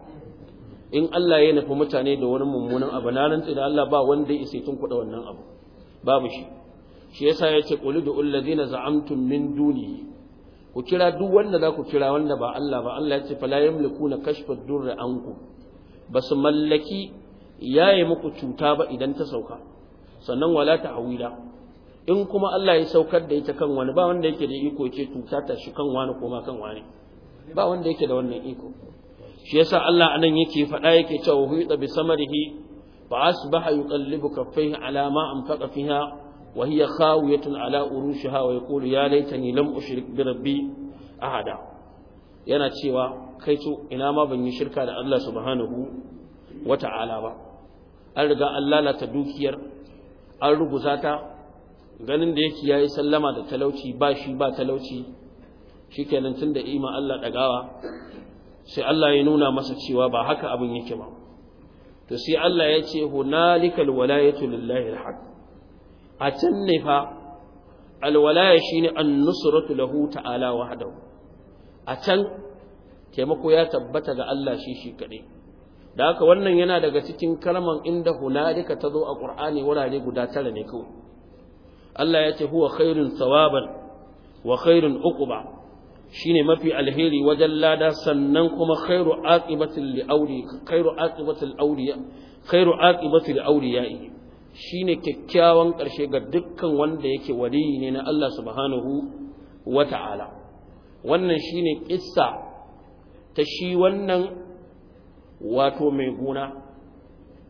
in Allah ya nufi mutane da wani mummunan abu na rantsi da Allah ba wanda ya isa tun kuɗi wannan abu babu shi shi yasa yace qul du alladhina za'amtum min duni ku kira duk wanda za ku kira wanda ba Allah ba Allah ya ce fala na kashfa durra anku su mallaki yaye muku cuta ba idan ta sauka sannan wala ta'wila in kuma Allah ya saukar da ita kan wani ba wanda yake da iko ce cuta ta shi kan wani ko ma kan wani ba wanda yake da wannan iko shi yasa Allah anan yake faɗa yake cewa huita bi samarihi fa asbaha yuqallibu kaffayhi ala ma anfaqa fiha wa hiya khawiyatun ala urushiha wa yaqulu ya laitani lam ushrik ahada yana cewa kai to ina ma ban yi shirka da Allah subhanahu wa ta'ala ba an riga an lalata dukiyar an ruguza ta ganin da yake yayi sallama da talauci ba shi ba talauci shikenan tunda ima Allah dagawa sai Allah ya nuna masa cewa ba haka abin yake ba to sai Allah ya ce hunalikal walayatu lillahi alhaq a can ne fa alwalaya shine an-nusratu lahu ta'ala wahdahu a can taimako ya tabbata ga Allah shi shi da haka wannan yana daga cikin kalman inda hunalika zo a ƙur'ani wurare guda tara ne kawai Allah ya ce huwa khairun thawaban wa khairun uquba shine mafi alheri wajen lada sannan kuma khairu aqibatil li awli khairu aqibatil khairu aqibatil Shi ne kyakkyawan ƙarshe ga dukkan wanda yake waliyi ne na Allah subhanahu wata'ala wannan shi ne ƙisa ta shi wannan wato mai guna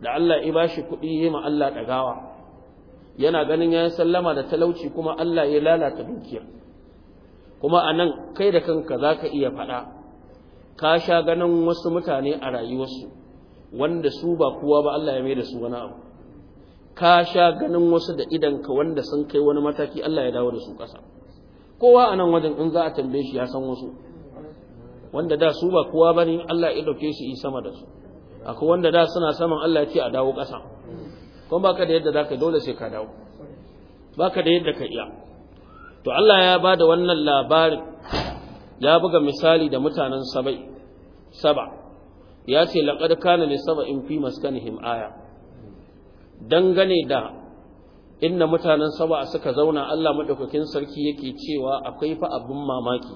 da Allah ya bashi kuɗi ya ma Allah gawa, yana ganin ya sallama da talauci kuma Allah ya lalata dukiya. kuma a nan kai da kanka za ka iya faɗa ka sha ganin wasu mutane a rayuwarsu wanda su ba kowa ba Allah ya mai da su wani abu ka sha ganin wasu da idanka wanda sun kai wani mataki Allah ya dawo da su ƙasa kowa a nan wajen in za a tambaye shi ya san wasu wanda da su ba kowa ba ne Allah ya ɗauke shi yi sama da su akwai wanda da suna saman Allah ya ce a dawo ƙasa kuma ba ka da yadda za ka dole sai ka dawo Ba ka da yadda ka iya to Allah ya ba da wannan labarin ya buga misali da mutanen sabai saba ya ce laƙar kana saba in fi maskanihim aya dangane da inda mutanen saba suka zauna Allah madaukakin sarki yake cewa akwai fa abin mamaki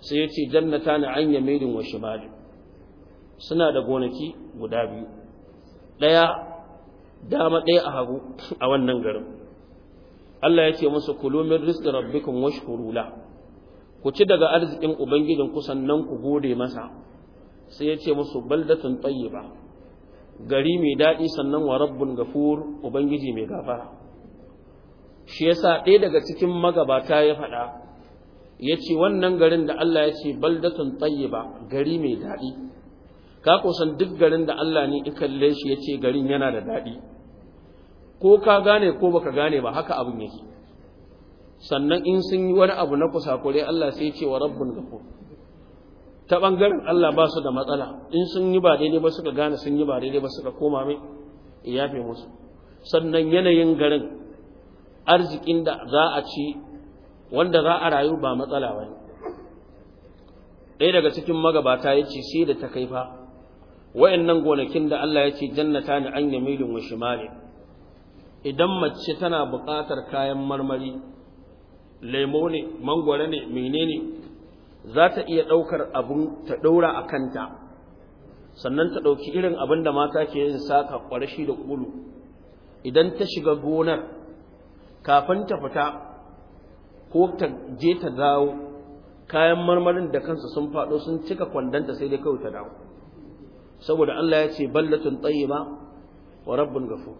sai ya ce jannata na an yamelin wa shimali suna da gonaki guda biyu ɗaya dama ɗaya a hagu a wannan garin Allah ya ce musu kulu min rizqi rabbikum washkuru la ku ci daga arzikin ubangijin ku sannan ku gode masa sai ya ce musu baldatun tayyiba gari mai daɗi sannan wa rabbun gafur ubangiji mai gafara shi yasa ɗaya daga cikin magabata ya faɗa ya ce wannan garin da Allah ya ce baldatun ba gari mai daɗi ka kusan duk garin da Allah ne ya shi ya ce garin yana da daɗi ko ka gane ko baka gane ba haka abin yake sannan in sun yi wani abu na kusa kure Allah sai ya ce wa rabbun gafur ta bangaren Allah ba su da matsala in sun yi ba daidai ba suka gane sun yi ba daidai ba suka koma mai yafe musu sannan yanayin garin arzikin da za a ci wanda za a rayu ba matsala ba ɗaya daga cikin magabata ya ce sai da ta kai fa wayannan gonakin da Allah ya ce jannata ni an yamilin wa shimali idan mace tana buƙatar kayan marmari lemo ne mangwaro ne menene za ta iya ɗaukar abin ta ɗaura a kanta sannan ta ɗauki irin abin da mata ke yin saka ƙwarashi da ƙulu idan ta shiga gonar kafin ta fita ko ta je ta dawo kayan marmarin da kansa sun faɗo sun cika kwandonta sai dai kawai ta dawo saboda Allah ya ce ballatun ba, wa rabbun gafur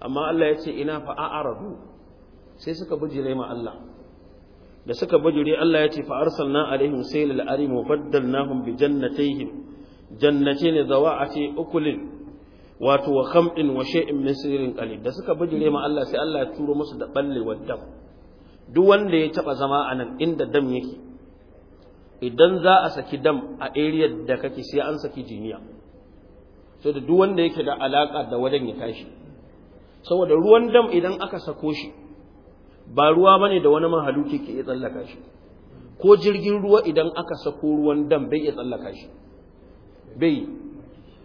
amma Allah ya ce ina fa a'aradu sai suka bijire ma Allah da suka bajure Allah ya ce fa arsalna alaihim saylal arim wa baddalnahum bi jannatayhim jannatin zawa'ati ukulin wato wa kham'in wa shay'in min sirrin qalil da suka bajure ma Allah sai Allah ya turo musu da balle dam duk wanda ya taba zama a nan inda dam yake idan za a saki dam a area da kake sai an saki jiniya sai da duk wanda yake da alaka da wajen ya tashi saboda ruwan dam idan aka sako shi ba ruwa ne da wani mahaluki ke iya tsallaka shi ko jirgin ruwa idan aka sako ruwan dam bai iya tsallaka shi bai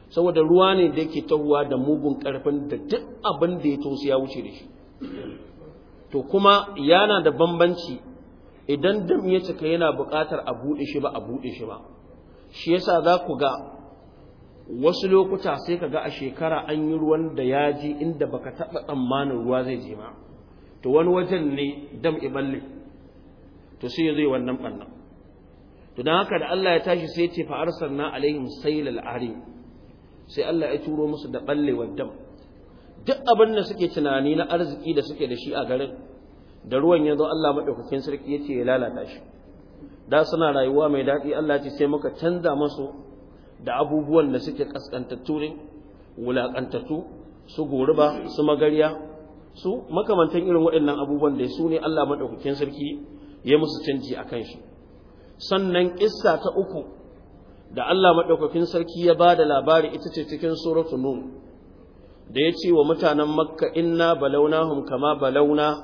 saboda ruwa ne da yake tahuwa da mugun karfin da duk abin da ya tosi ya wuce da shi to kuma yana da bambanci idan dam ya cika yana buƙatar a buɗe shi ba a buɗe shi ba shi yasa za ku ga wasu lokuta sai ka ga a shekara an yi ruwan da ya ji inda baka taɓa tsammanin ruwa zai je ma to wani wajen ne dam iballe to sai ya wannan banna to dan haka da Allah ya tashi sai ya ce fa arsalna alaihim saylal arim sai Allah ya turo musu da ballewar dam duk abin da suke tunani na arziki da suke da shi a garin da ruwan ya zo Allah madaukakin sarki yace ya lalata shi da suna rayuwa mai daɗi Allah ce sai muka canza musu da abubuwan da suke kaskantattu ne wulaƙantattu su goruba su magarya su makamantan irin waɗannan abubuwan da su ne Allah maɗaukakin sarki ya musu canji a kan shi sannan ƙissa ta uku da Allah maɗaukakin sarki ya ba da labari ita ce cikin suratu nun da ya ce wa mutanen makka inna balaunahum kama balauna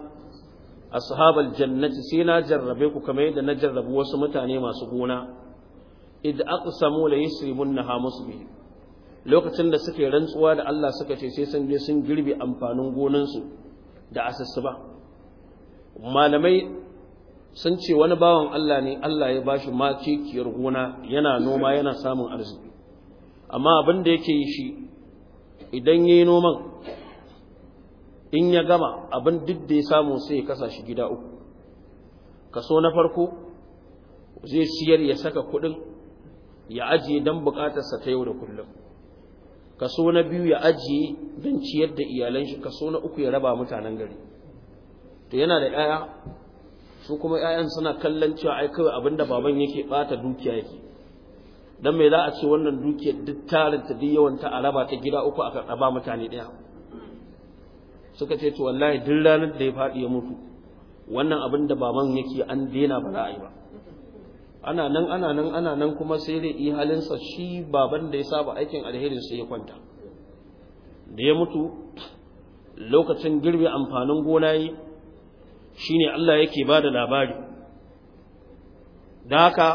ashabal jannati sai na jarrabe ku kamar yadda na jarrabu wasu mutane masu gona id aqsamu la yusrimunha biyu. lokacin da suka yi rantsuwa da Allah suka ce sai sun je sun girbe amfanin gonansu da ba. malamai sun ce wani bawan Allah ne Allah ya bashi makikiyar gona yana noma yana samun arziki amma abin da yake yi shi idan yayi noman in ya gama abin duk da ya samu sai ya kasa shi gida uku kaso na farko zai siyar ya saka kuɗin ya ajiye don buƙatarsa ta yau da kullum kaso na biyu ya ajiye don ciyar da iyalan shi kaso na uku ya raba mutanen gari to yana da 'ya'ya su kuma 'ya'yan suna kallon cewa ai kawai abinda baban yake ɓata dukiya yake Don mai za a ce wannan dukiyar duk tarin ta duk yawan ta raba ta gida uku aka raba mutane ɗaya suka ce to wallahi duk ranar da ya faɗi ya mutu wannan abin da baban yake an daina ba za a yi ba ana nan ana nan ana nan kuma sai dai yi halinsa shi baban da ya saba aikin alherin sai ya kwanta da ya mutu lokacin girbe amfanin gona yi ne Allah yake ba da labari da haka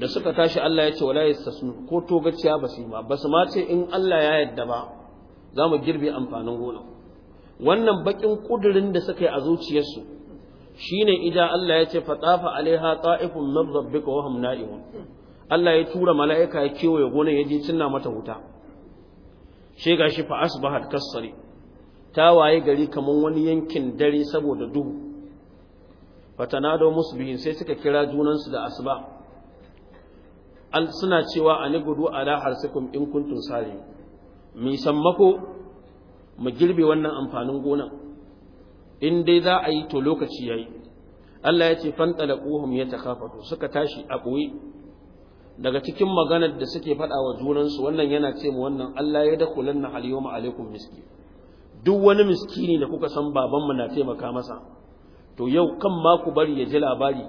da suka tashi Allah ya ce wala sassu ko to gaciya ba su ma ba su ma ce in Allah ya yadda ba za mu girbe amfanin gona wannan bakin kudurin da suka yi a zuciyarsu shine idan Allah ya ce fatafa alaiha ta'ifun min rabbika wa hum na'imun Allah ya tura mala'ika ya kewaye gonar ya je cinna mata wuta she gashi fa asbahat kasari ta waye gari kamar wani yankin dare saboda duhu musu musbihin sai suka kira junansu da asuba al suna cewa a ala harsikum in kuntum salim mi sammako mu girbe wannan amfanin gonan in dai za a yi to lokaci yayi Allah ya ce ya yatakhafatu suka tashi a ɓoye. daga cikin maganar da suke faɗa wa junansu wannan yana ce mu wannan Allah ya dakulanna al-yawma alaikum miskin duk wani miskini da kuka san babanmu na taimaka masa to yau kan ma ku bari ya ji labari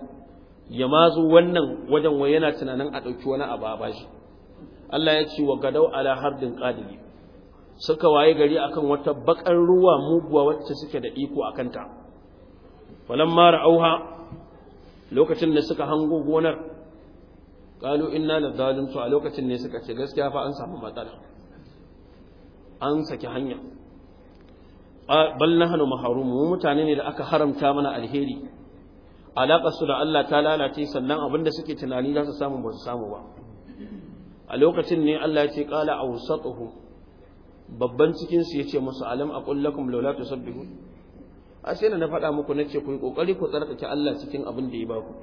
ya mazo wannan wajen wa yana tunanin a ɗauki wani abu a bashi Allah ya ce wa gadau ala hardin qadili suka waye gari akan wata bakar ruwa muguwa wacce suke da iko a kanta falamma ra'auha lokacin da suka hango gonar qalu inna ladhalun a lokacin ne suka ce gaskiya fa an samu matsala an saki hanya bal nahnu maharum mu mutane ne da aka haramta mana alheri alaƙar su da Allah ta lalace sannan abinda suke tunani za su samu ba su samu ba a lokacin ne Allah ya ce qala awsatuhum babban cikinsu ya ce musu alam a kullakum laula tusabbihu a sai na faɗa muku nace ku yi kokari ku tsarkake Allah cikin abin da ya ba ku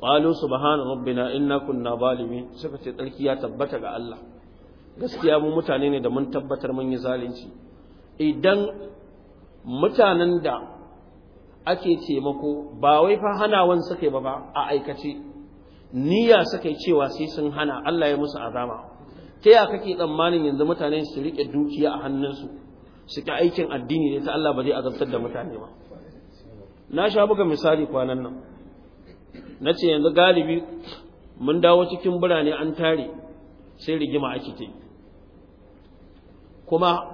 qalu subhana rabbina inna kunna zalimin suka ce tsarki ya tabbata ga Allah gaskiya mu mutane ne da mun tabbatar mun yi zalunci idan mutanen da ake taimako ba wai fa hanawan suka yi ba a aikace niyya suka cewa sai sun hana Allah ya musu azama ta ya kake tsammanin yanzu mutane su riƙe dukiya a hannunsu su ƙi aikin addini ne ta Allah ba zai azabtar da mutane ba na sha buga misali kwanan nan na ce yanzu galibi mun dawo cikin birane an tare sai rigima ake ta kuma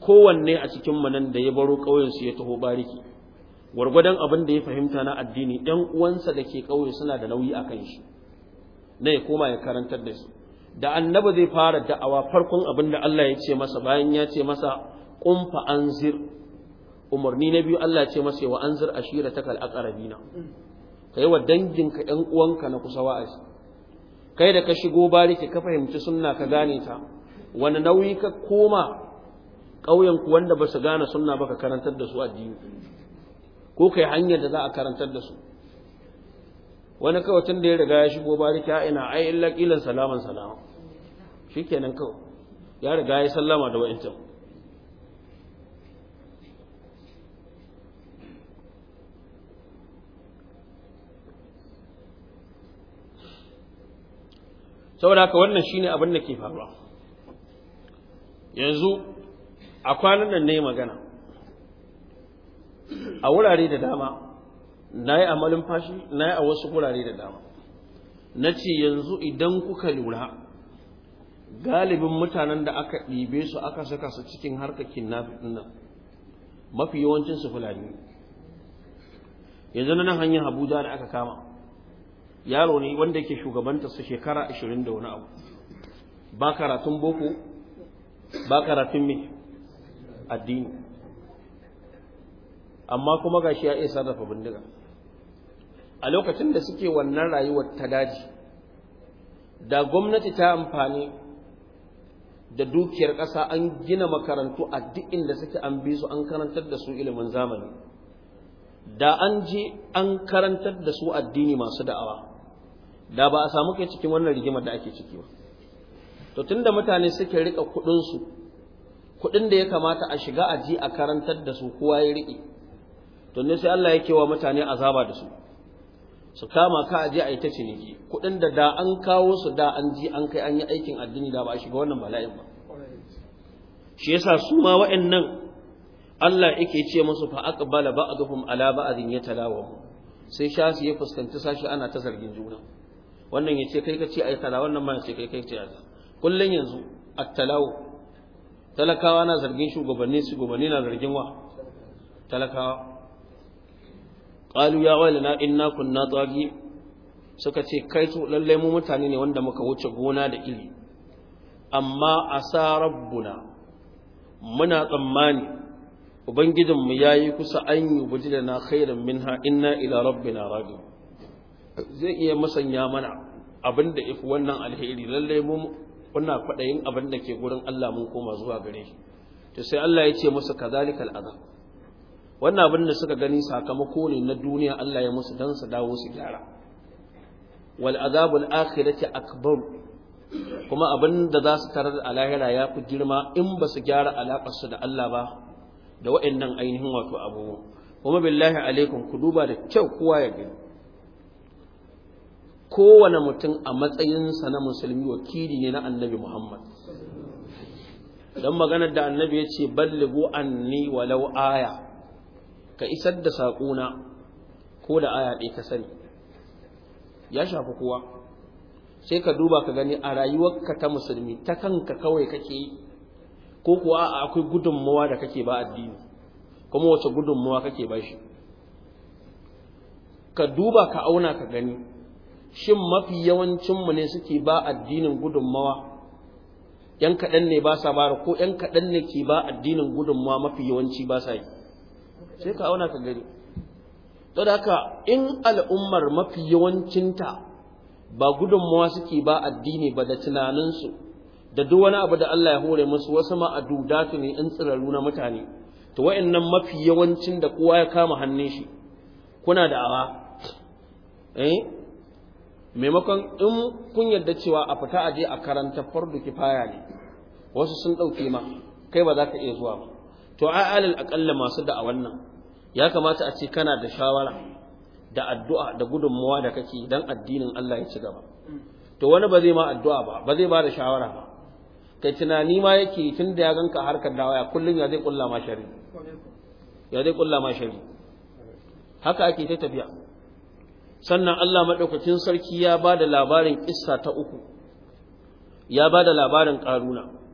kowanne a cikin manan da ya baro ƙauyensu ya taho bariki gwargwadon abin da ya fahimta na addini ɗan uwansa da ke ƙauye suna da nauyi a kan shi na ya koma ya karantar da su da annabi zai fara da'awa farkon abin da Allah ya ce masa bayan ya ce masa qum anzir umarni na biyu Allah ya ce masa wa anzir ta kal aqrabina kai wa danginka ɗan uwanka na kusa wa'azi kai da ka shigo bari bariki ka fahimci sunna ka gane ta wani nauyi ka koma ƙauyen ku wanda ba su gane sunna ba ka karantar da su addini ko kai hanyar da za a karantar da su wani kawai tun da ya riga ya shigo ba rikiya ina ai illa kilan salaman salama shikenan kawai ya riga ya sallama da wa'incan saboda haka wannan shine abin da ke faruwa yanzu a kwanan nan ne magana a wurare da dama na yi a fashi na yi a wasu wurare da dama na ce yanzu idan kuka lura galibin mutanen da aka ɗibe su aka saka su cikin harkakin nafi'in nan mafi yawancin su fulani yanzu na nan hanyar abuja da aka kama yaro ne wanda yake shugabanta su shekara ashirin da wani abu ba karatun boko ba karatun mai addini amma kuma ga shi ya iya sarrafa bindiga a lokacin da suke wannan rayuwar ta daji da gwamnati ta amfani da dukiyar ƙasa an gina makarantu a duk inda suke an bi su an karantar da su ilimin zamani da an je an karantar da su addini masu da'awa da ba a samu kai cikin wannan rigimar da ake ciki ba to tunda mutane suke rika kuɗinsu kuɗin da ya kamata a shiga a ji a karantar da su kowa ya riƙe to ne sai Allah yake wa mutane azaba da su su kama ka aje a yi ta ciniki kuɗin da da an kawo su da an ji an kai an yi aikin addini da ba a shiga wannan bala'in ba shi yasa su ma wa'annan Allah yake ce musu fa aqbala ba'dhum ala ba'dhin yatalawamu sai shashi ya fuskanci sashi ana ta zargin juna wannan ya ce kai ka ce ai tala wannan ma ya ce kai kai ce kaza kullun yanzu at-talawu talakawa na zargin shugabanni shugabanni na zargin wa talakawa qalu ya walana inna kunna tsagi suka ce kai to lalle mu mutane ne wanda muka wuce gona da ili amma asa rabbuna muna tsammani Ubangijin ubangijinmu yayi kusa an yi buji da na khairan minha inna ila rabbina rajiun zai iya musanya mana abin da ifi wannan alheri lallai mu kuna kwaɗayin abin da ke gurin Allah mun koma zuwa gare shi to sai Allah ya ce musu kazalikal azab wannan abin da suka gani sakamako ne na duniya Allah ya musu dan su dawo su gyara wal azabul akhirati akbar kuma abin da za su tarar a lahira ya fi girma in ba su gyara alaƙar su da Allah ba da waɗannan ainihin wato abu kuma billahi alaikum ku duba da kyau kowa ya gani kowane mutum a matsayinsa na musulmi wakili ne na annabi Muhammad dan maganar da annabi ya ce balligu anni walau aya ka isar da saƙona ko da aya ɗaya ka sani ya shafi kowa sai ka duba ka gani a rayuwarka ta musulmi ta kanka kawai kake yi ko kuwa akwai gudunmawa da kake ba addini kuma wace gudunmawa kake ba shi ka duba ka auna ka gani shin mafi yawancinmu ne suke ba addinin gudunmawa ‘yan kaɗan ne ba sa bara ko ‘yan kaɗan ne ke ba addinin gudunmawa mafi yawanci ba sa yi sai ka auna ka gani to da haka in al'ummar mafi yawancinta ba gudunmawa suke ba addini ba da tunaninsu da duk wani abu da Allah ya hore musu wasu datu ne in tsirarru na mutane to wa'annan mafi yawancin da kowa ya kama hannun shi kuna da awa eh maimakon in kun yarda cewa a fita aje a karanta fardu kifaya ne wasu sun ɗauke ma kai ba za ka iya zuwa ba to a alal akalla masu da a wannan ya kamata a ce kana da shawara da addu'a da gudunmawa da kake don addinin Allah ya ci gaba to wani ba zai ma addu'a ba ba zai ba da shawara ba kai tunani ma yake tun da ya ganka harkar da waya kullum ya zai kulla ma shari ya zai kulla ma shari haka ake ta tafiya sannan Allah maɗaukacin sarki ya ba da labarin kissa ta uku ya ba da labarin ƙaruna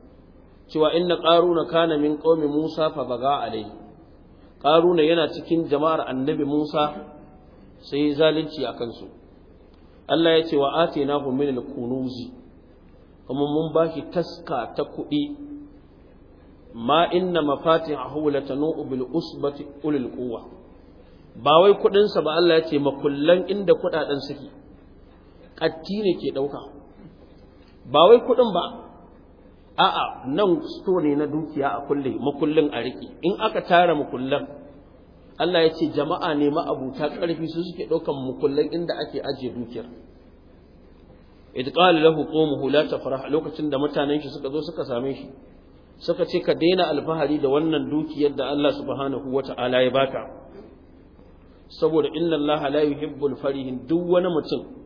cewa inna qaruna kana min qaumi Musa fa baga alai qaruna yana cikin jama'ar annabi Musa sai zalunci akan su Allah ya ce wa atinahu min al-kunuzi kuma mun bashi taska ta kuɗi ma inna mafatihahu latanu bil usbati ulil quwwa ba wai kuɗin sa ba Allah ya ce makullan inda kuɗaɗen suke ƙatti ne ke ɗauka ba wai kuɗin ba a'a nan sto ne na dukiya a kulle makullin a riƙe in aka tara makullan Allah ya ce jama'a ne ma'abuta ƙarfi su suke ɗaukan makullan inda ake ajiye dukiyar idh qala lahu qawmuhu la tafrah lokacin da mutanen shi suka zo suka same shi suka ce ka daina alfahari da wannan dukiyar da Allah subhanahu wata'ala ya baka saboda inna Allah la yuhibbul farihin duk wani mutum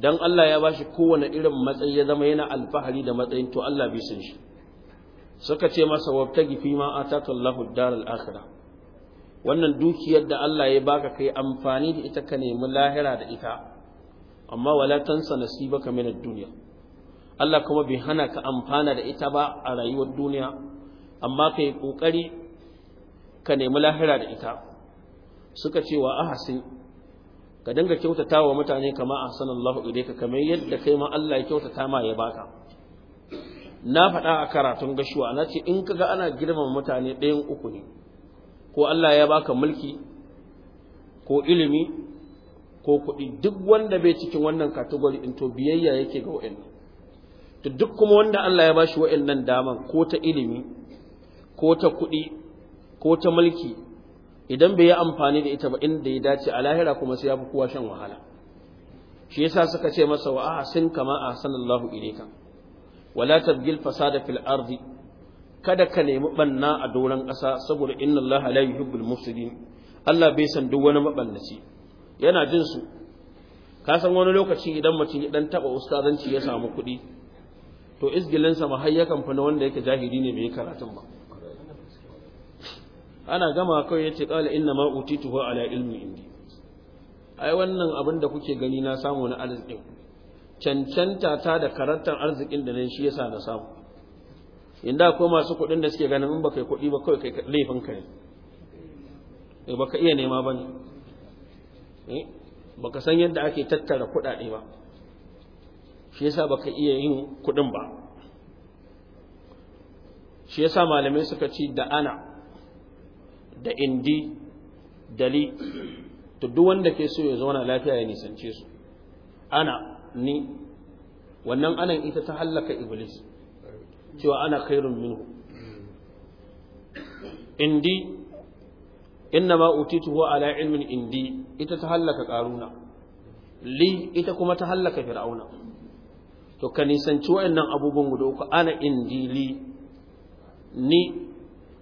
dan Allah ya bashi kowane irin matsayi ya zama yana alfahari da matsayin to Allah bai san shi suka ce masa wabtagi fi ma ataka Allahu daral akhirah wannan dukiyar da Allah ya baka kai amfani da ita ka nemi lahira da ita amma wala tansa nasibaka min ad-dunya Allah kuma bai hana ka amfana da ita ba a rayuwar duniya amma kai kokari ka nemi lahira da ita suka ce wa Ahasin? ka dinga kyautata wa mutane kama a ahsanallahu ka, kamar yadda kai ma Allah ya kyautata ma ya baka na faɗa a karatun gashuwa na ce in kaga ana girmama mutane ɗayan uku ne ko Allah ya baka mulki ko ilimi ko kuɗi duk wanda bai cikin wannan kategori in to biyayya yake ga wa'in, to duk kuma wanda Allah ya ba shi wa'in nan daman ko ta ilimi ko ta kuɗi ko ta mulki idan bai yi amfani da ita ba inda ya dace a lahira kuma sai ya fi kowa shan wahala shi yasa suka ce masa wa ahsin kama sanallahu ilaika. wala tabgil fasada fil ardi kada ka nemi banna a doron ƙasa saboda inna Allah la yuhibbul mufsidin Allah bai san duk wani maballaci yana jin su ka san wani lokaci idan mutum ya dan taba ustazanci ya samu kuɗi to izgilinsa mahayyakan fa na wanda yake jahili ne bai karatun ba ana gama kawai yace qala inna ma utituhu ala ilmi indi ai wannan abin da kuke gani na samu na arzikin cancanta ta da karantar arzikin da ne shi yasa na samu inda akwai masu kuɗin da suke ganin in baka yi kuɗi ba kawai kai laifin ka ne eh, baka iya nema ba ne eh, baka san yadda ake tattara kuɗaɗe ba shi yasa baka iya yin kuɗin ba shi yasa malamai suka ci da ana da indi dali to duk wanda ke so ya zauna lafiya ya nisance su ana ni wannan anan ita ta hallaka iblis cewa ana khairun minhu indi inna ma utituhu ala ilmin indi ita ta hallaka karuna li ita kuma ta hallaka fir'auna to ka nisanci wa'annan abubuwan guda uku ana indi li ni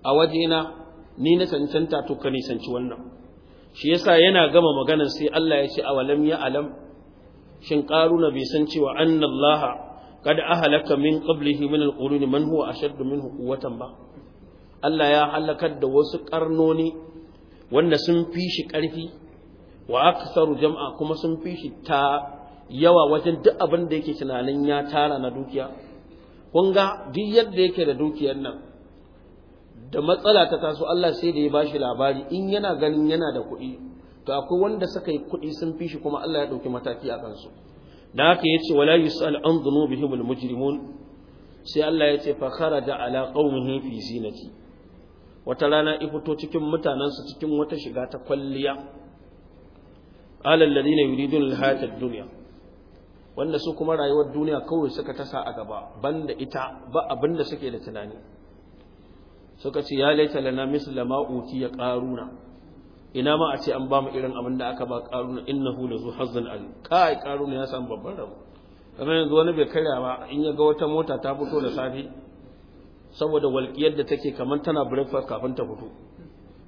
a wajena ni na cancanta to ka nisanci wannan shi yasa yana gama maganar sai Allah ya ce awalam ya alam shin na bai san cewa annallaha kada ahalaka min qablihi min alquruni man huwa ashaddu minhu quwwatan ba Allah ya halakar da wasu karnoni wanda sun fi shi karfi wa aktsaru jam'a kuma sun fi shi ta yawa wajen duk abin da yake tunanin ya tara na dukiya kun ga duk yadda yake da dukiyar nan da matsala ta taso Allah sai da ya bashi labari in yana ganin yana da kuɗi to akwai wanda suka yi kuɗi sun fi shi kuma Allah ya ɗauki mataki a kansu da haka yace wala yus'al an dhunubihim al mujrimun sai Allah ya ce fa kharaja ala qaumihi fi zinati wata rana fito cikin mutanensu cikin wata shiga ta kwalliya yuridun al hayat ad dunya wanda su kuma rayuwar duniya kawai suka tasa a gaba banda ita ba abinda suke da tunani suka ce ya laita lana misla ma ya qaruna ina ma a ce an ba mu irin abin da aka ba qaruna innahu lazu hazzan al kai qaruna ya san babban rabo kamar yanzu wani bai karya ba in ya ga wata mota ta fito da safe saboda walƙiyar da take kamar tana breakfast kafin ta fito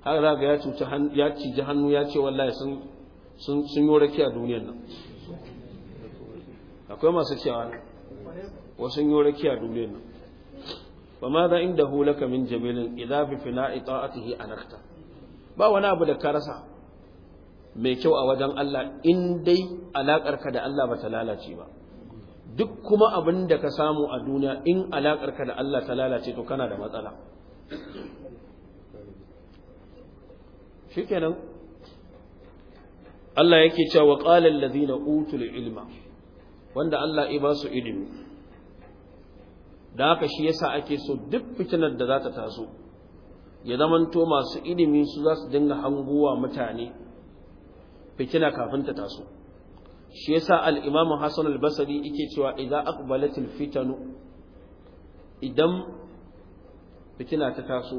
har za ga ya cuci ya ciji hannu ya ce wallahi sun sun sun yi rakiya duniyar nan akwai masu cewa wasu yi rakiya duniyar nan Ba ma za inda hulaka min jabilin idza bi fina'i ta'atihi anakta ba wani abu da ka rasa mai kyau a wajen Allah in dai alakarka da Allah ba ta lalace ba duk kuma abin da ka samu a duniya in alakarka da Allah ta lalace to kana da matsala shikenan Allah yake cewa qala allazina utul ilma wanda Allah ya ba su ilimi da haka shi yasa ake so duk fitinar da za ta taso ya zamanto masu ilimi su za su dinga hanguwa mutane fitina kafin ta taso shi yasa al-imamu hasan al-basri yake cewa idza aqbalatil fitanu idan fitina ta taso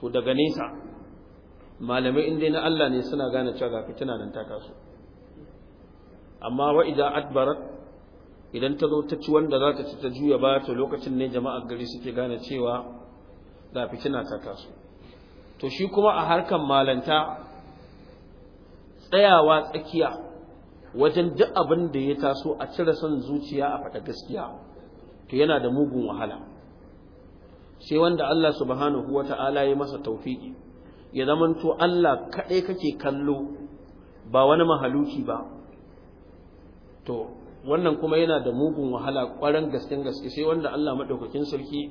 to daga nesa malamai inda na Allah ne suna gane cewa ga fitina nan ta taso amma wa idza adbarat idan ta zo ta ci wanda za ta ci ta juya ba ta lokacin ne jama'ar gari suke gane cewa lafitina fitina ta taso to shi kuma a harkan malanta tsayawa tsakiya wajen duk abin da ya taso a cire son zuciya a faɗa gaskiya to yana da mugun wahala sai wanda Allah subhanahu wa ta'ala ya masa taufiƙi ya zamanto Allah kaɗai kake kallo ba wani mahaluki ba to wannan kuma yana da mugun wahala ƙwaran gasken gaske sai wanda Allah maɗaukakin sarki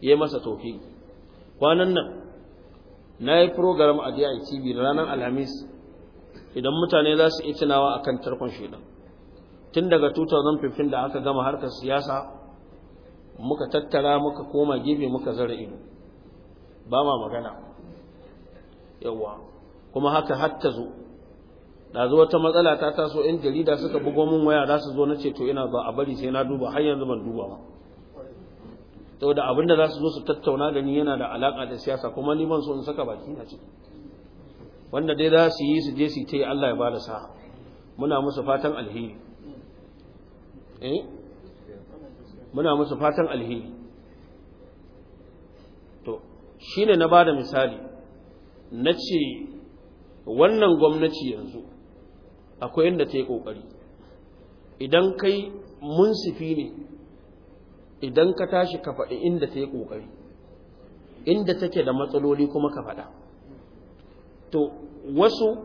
ya yi masa tofi kwanan nan na yi program a DITV ranar Alhamis idan mutane za su iya tunawa a kan tarkon shaidan tun daga 2015 da aka gama harkar siyasa muka tattara muka koma gefe muka zara ido ba ma magana yawa kuma haka hatta zo ɗazu wata matsala ta taso in jarida suka bugo min waya za su zo na ce to ina ba a bari sai na duba har yanzu ban duba ba da abin da za su zo su tattauna da ni yana da alaƙa da siyasa kuma ni ban so in saka baki na ciki wanda dai za su yi su je su ta yi Allah ya bada sa muna musu fatan alheri eh muna musu fatan alheri to shine na bada misali na ce wannan gwamnati yanzu akwai inda ta yi ƙoƙari idan kai munsifi ne idan ka tashi ka faɗi inda ta yi ƙoƙari inda take da matsaloli kuma ka faɗa to wasu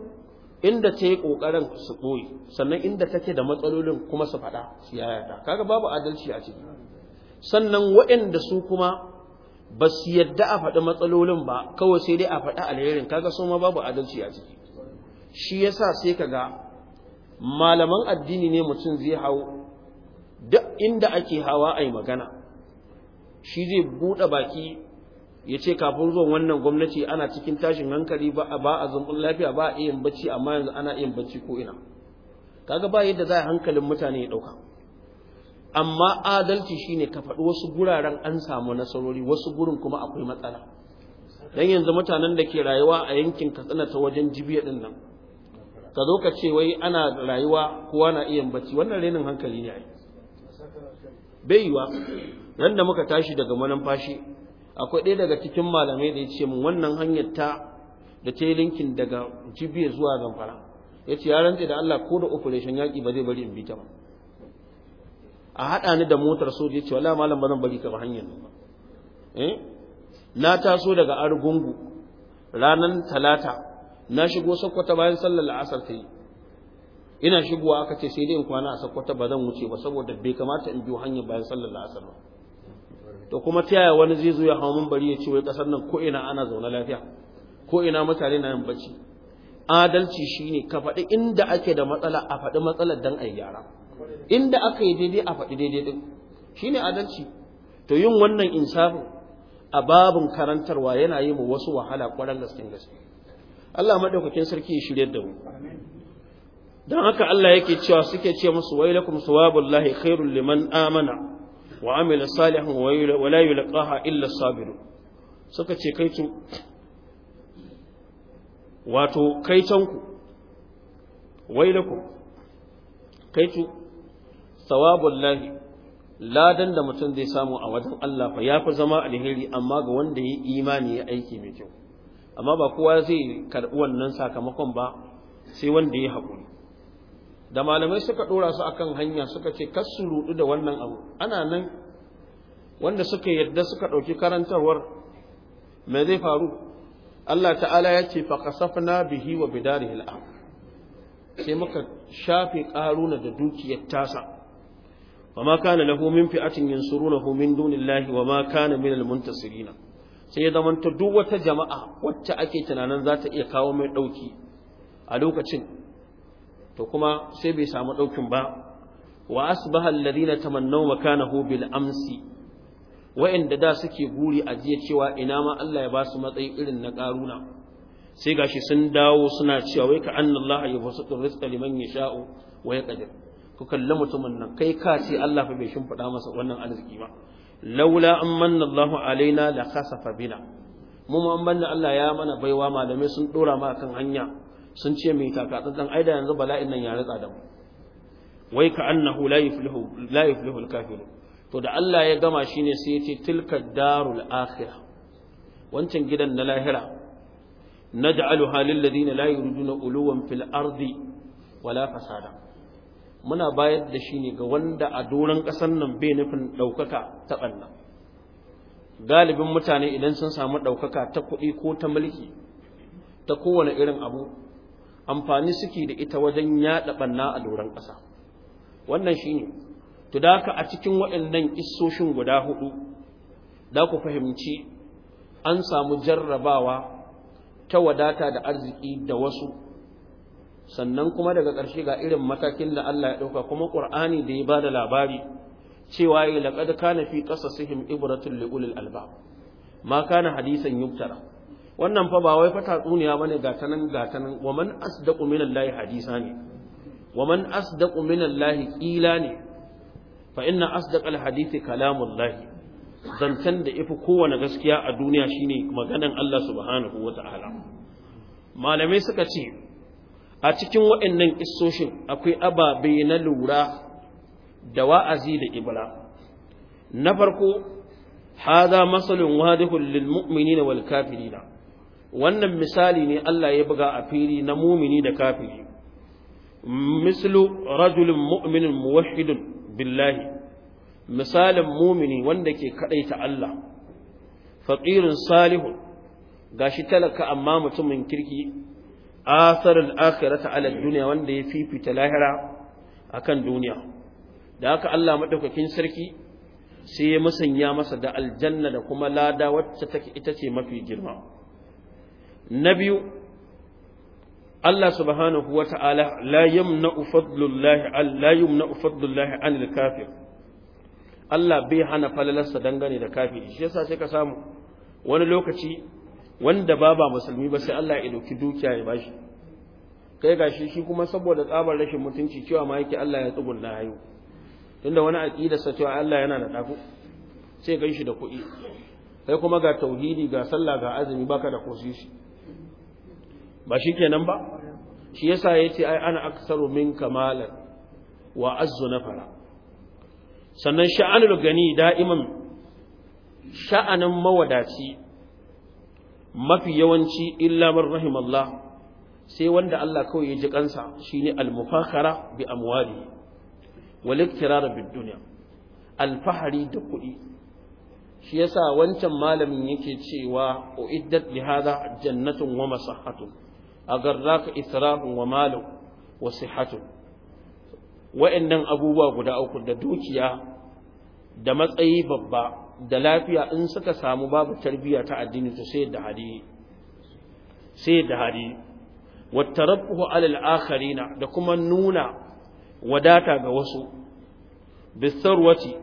inda ta yi ƙoƙarin su ɓoye sannan inda take da matsalolin kuma su faɗa su yayata kaga babu adalci a ciki sannan waɗanda su kuma ba su yadda a faɗi matsalolin ba kawai sai dai a faɗi alherin kaga su ma babu adalci a ciki shi yasa sai kaga malaman addini ne mutum zai hau duk inda ake hawa a yi magana shi zai buɗe baki ya ce kafin zuwan wannan gwamnati ana cikin tashin hankali ba a zumbin lafiya ba a iya bacci amma yanzu ana iya bacci ko ina kaga ba yadda za a hankalin mutane ya ɗauka amma adalci shine ka faɗi wasu guraren an samu nasarori wasu gurin kuma akwai matsala dan yanzu mutanen da ke rayuwa a yankin katsina ta wajen jibiya ɗin nan ka zo ka ce wai ana rayuwa kowa na iya bacci wannan renin hankali ne ai bai yiwa nan da muka tashi daga manumfashi akwai ɗaya daga cikin malamai da ya ce mun wannan hanyar ta da ta yi linkin daga jibiya zuwa zamfara ya ce ya rantse da Allah ko da operation yaƙi ba zai bari in bi ta ba a haɗa ni da motar soja ya ce wala malam ba zan bari ka ba hanyar ba eh? na taso daga argungu ranar talata na shigo sakkwata bayan sallar la'asar ta yi ina shigowa aka ce sai dai in kwana a sakkwata ba zan wuce ba saboda bai kamata in biyo hanyar bayan sallar la'asar ba to kuma ta yaya wani zai zo ya hawo bari ya ce wai kasar nan ko ina ana zaune lafiya ko ina mutane na yin bacci adalci shine ka faɗi inda ake da matsala a faɗi matsalar dan a yi gyara inda aka yi daidai a faɗi daidai din shine adalci to yin wannan insafin a babin karantarwa yana yi wa wasu wahala ƙwarar gaske gaske Allah madaukakin sarki ya shiryar da mu dan haka Allah yake cewa suke ce musu wailakum sawabullahi khairul liman amana wa amila salihan wa la yulqaha illa sabiru suka ce kai tu wato kai tanku wailakum kai tu sawabullahi ladan da mutum zai samu a wajen Allah fa yafi zama alheri amma ga wanda ya imani ya aiki mai kyau amma ba kowa zai karɓi wannan sakamakon ba sai wanda ya haƙuri da malamai suka ɗora su akan hanya suka ce kar su ruɗu da wannan abu ana nan wanda suka yadda suka ɗauki karantarwar me zai faru Allah ta'ala ya ce faqasafna bihi wa bidari hil'a sai muka shafe ƙaruna da dukiyar tasa Wa ma وما كان له من فئة ينصرونه من دون الله وما كان من muntasirina sai ya zamanta duk wata jama'a wacce ake tunanin za ta iya kawo mai ɗauki a lokacin to kuma sai bai samu ɗaukin ba wa asbaha alladhina tamannaw makanahu bil amsi wa'inda da suke guri a jiya cewa ina ma Allah ya ba su matsayi irin na karuna sai gashi sun dawo suna cewa wai ka ya yabsutu rizqa liman yasha'u wa yaqdir ku kalli mutumin nan kai ka ce Allah fa bai fada masa wannan arziki ba laula an manna Allahu alaina la khasafa bina mu ma an manna Allah ya mana baiwa malamai sun dora ma kan hanya sun ce mai taka tsantsan ai yanzu bala'in nan ya ritsa da mu wai ka annahu la yuflihu la yuflihu al to da Allah ya gama shine sai ya ce tilka darul akhirah wancan gidan na lahira naj'aluha lil ladina la yuriduna uluwan fil ardi wala fasada muna bayar da shi ne ga wanda a doron ƙasar nan bai nufin ɗaukaka ta ɓanna galibin mutane idan sun samu ɗaukaka ta kuɗi ko ta mulki ta kowane irin abu amfani suke da ita wajen yaɗa ɓanna a doron ƙasa wannan shi ne to da a cikin waɗannan isoshin guda huɗu, da ku fahimci an samu jarrabawa ta wadata da arziki da wasu sannan kuma daga ƙarshe ga irin matakin da Allah ya ɗauka kuma ƙur'ani da ya ba da labari cewa yi laƙad kana fi qasasihim ibratun li alba albab ma kana hadisan yuftara wannan fa ba wai fa tatsuniya bane ga tanan ga tanan wa man asdaqu minallahi hadisa ne wa man asdaqu minallahi qila ne fa inna asdaqal hadithi kalamullahi zancen da ifi kowane gaskiya a duniya shine maganan Allah subhanahu wa ta'ala malamai suka ce a cikin waɗannan isoshin, akwai ababe na lura da wa'azi da ibla na farko haza masalin wadihun lil na wal na wannan misali ne Allah ya buga a fili na mumini da kafiri mislu rajulin mu'minin muwahidun billahi misalin mumini wanda ke kaɗai ta Allah faƙirin salihun gashi talaka amma mutumin kirki asarul akhirata ala dunya wanda ya fifita lahira a kan duniya da haka Allah maɗaukakin sarki sai ya musanya masa da aljanna da kuma lada wacce take ita ce mafi girma na biyu Allah subhanahu wa ta'ala la yamna'u fadlullahi la yamna'u fadlullahi anil kafir Allah bai hana falalarsa dangane da kafiri shi yasa sai ka samu wani lokaci wanda ba ba musulmi ba sai Allah ya dauki dukiya ya bashi kai gashi shi kuma saboda tsabar rashin mutunci cewa ma yake Allah ya tsugunna hayo tunda wani aqida sa cewa Allah yana da dafu sai gan shi da kuɗi kai kuma ga tauhidi ga sallah ga azumi baka da kosishi ba shi kenan ba shi yasa yace ai ana aksaru min kamalan wa azzu nafara sannan sha'anul gani da'iman sha'anin mawadaci mafi yawanci illa man rahimallah sai wanda Allah kawai ya ji kansa shine al-mufakhara bi amwali wal iktirar bid dunya al fahri da kuɗi shi yasa wancan malamin yake cewa uiddat li hadha jannatun wa agar agarraka israfun wa malu wa sihhatun wa'annan abubuwa guda uku da dukiya da matsayi babba da lafiya in suka samu babu tarbiyya ta addini to sai da hadi sai da hadi wa ala al akharina da kuma nuna wadata ga wasu bisarwati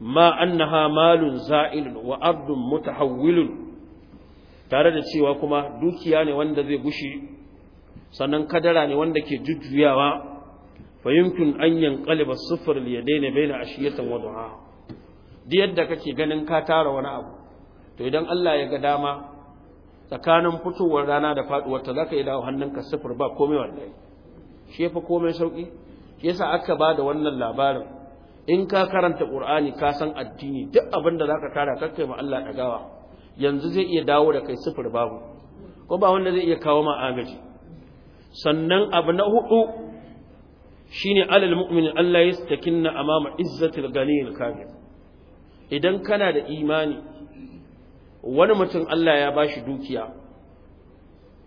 ma annaha malun za'il wa ardun mutahawwil tare da cewa kuma dukiya ne wanda zai gushi sannan kadara ne wanda ke jujjuyawa fa yumkin an yanqaliba sufr liyadaini baina ashiyatan wa du'a duk yadda kake ganin ka tara wani abu to idan Allah ya ga dama tsakanin fitowar rana da faduwar ta zaka yi dawo hannunka sifir ba komai wallahi shi fa komai sauki shi yasa aka ba da wannan labarin in ka karanta Qur'ani ka san addini duk abin da zaka tara kakkai ma Allah gawa. yanzu zai iya dawo da kai sifir babu ko ba wanda zai iya kawo ma agaji sannan abu na hudu shine alal mu'min Allah yastakinna amama izzatil ghaniyil kafir idan kana da imani wani mutum Allah ya ba shi dukiya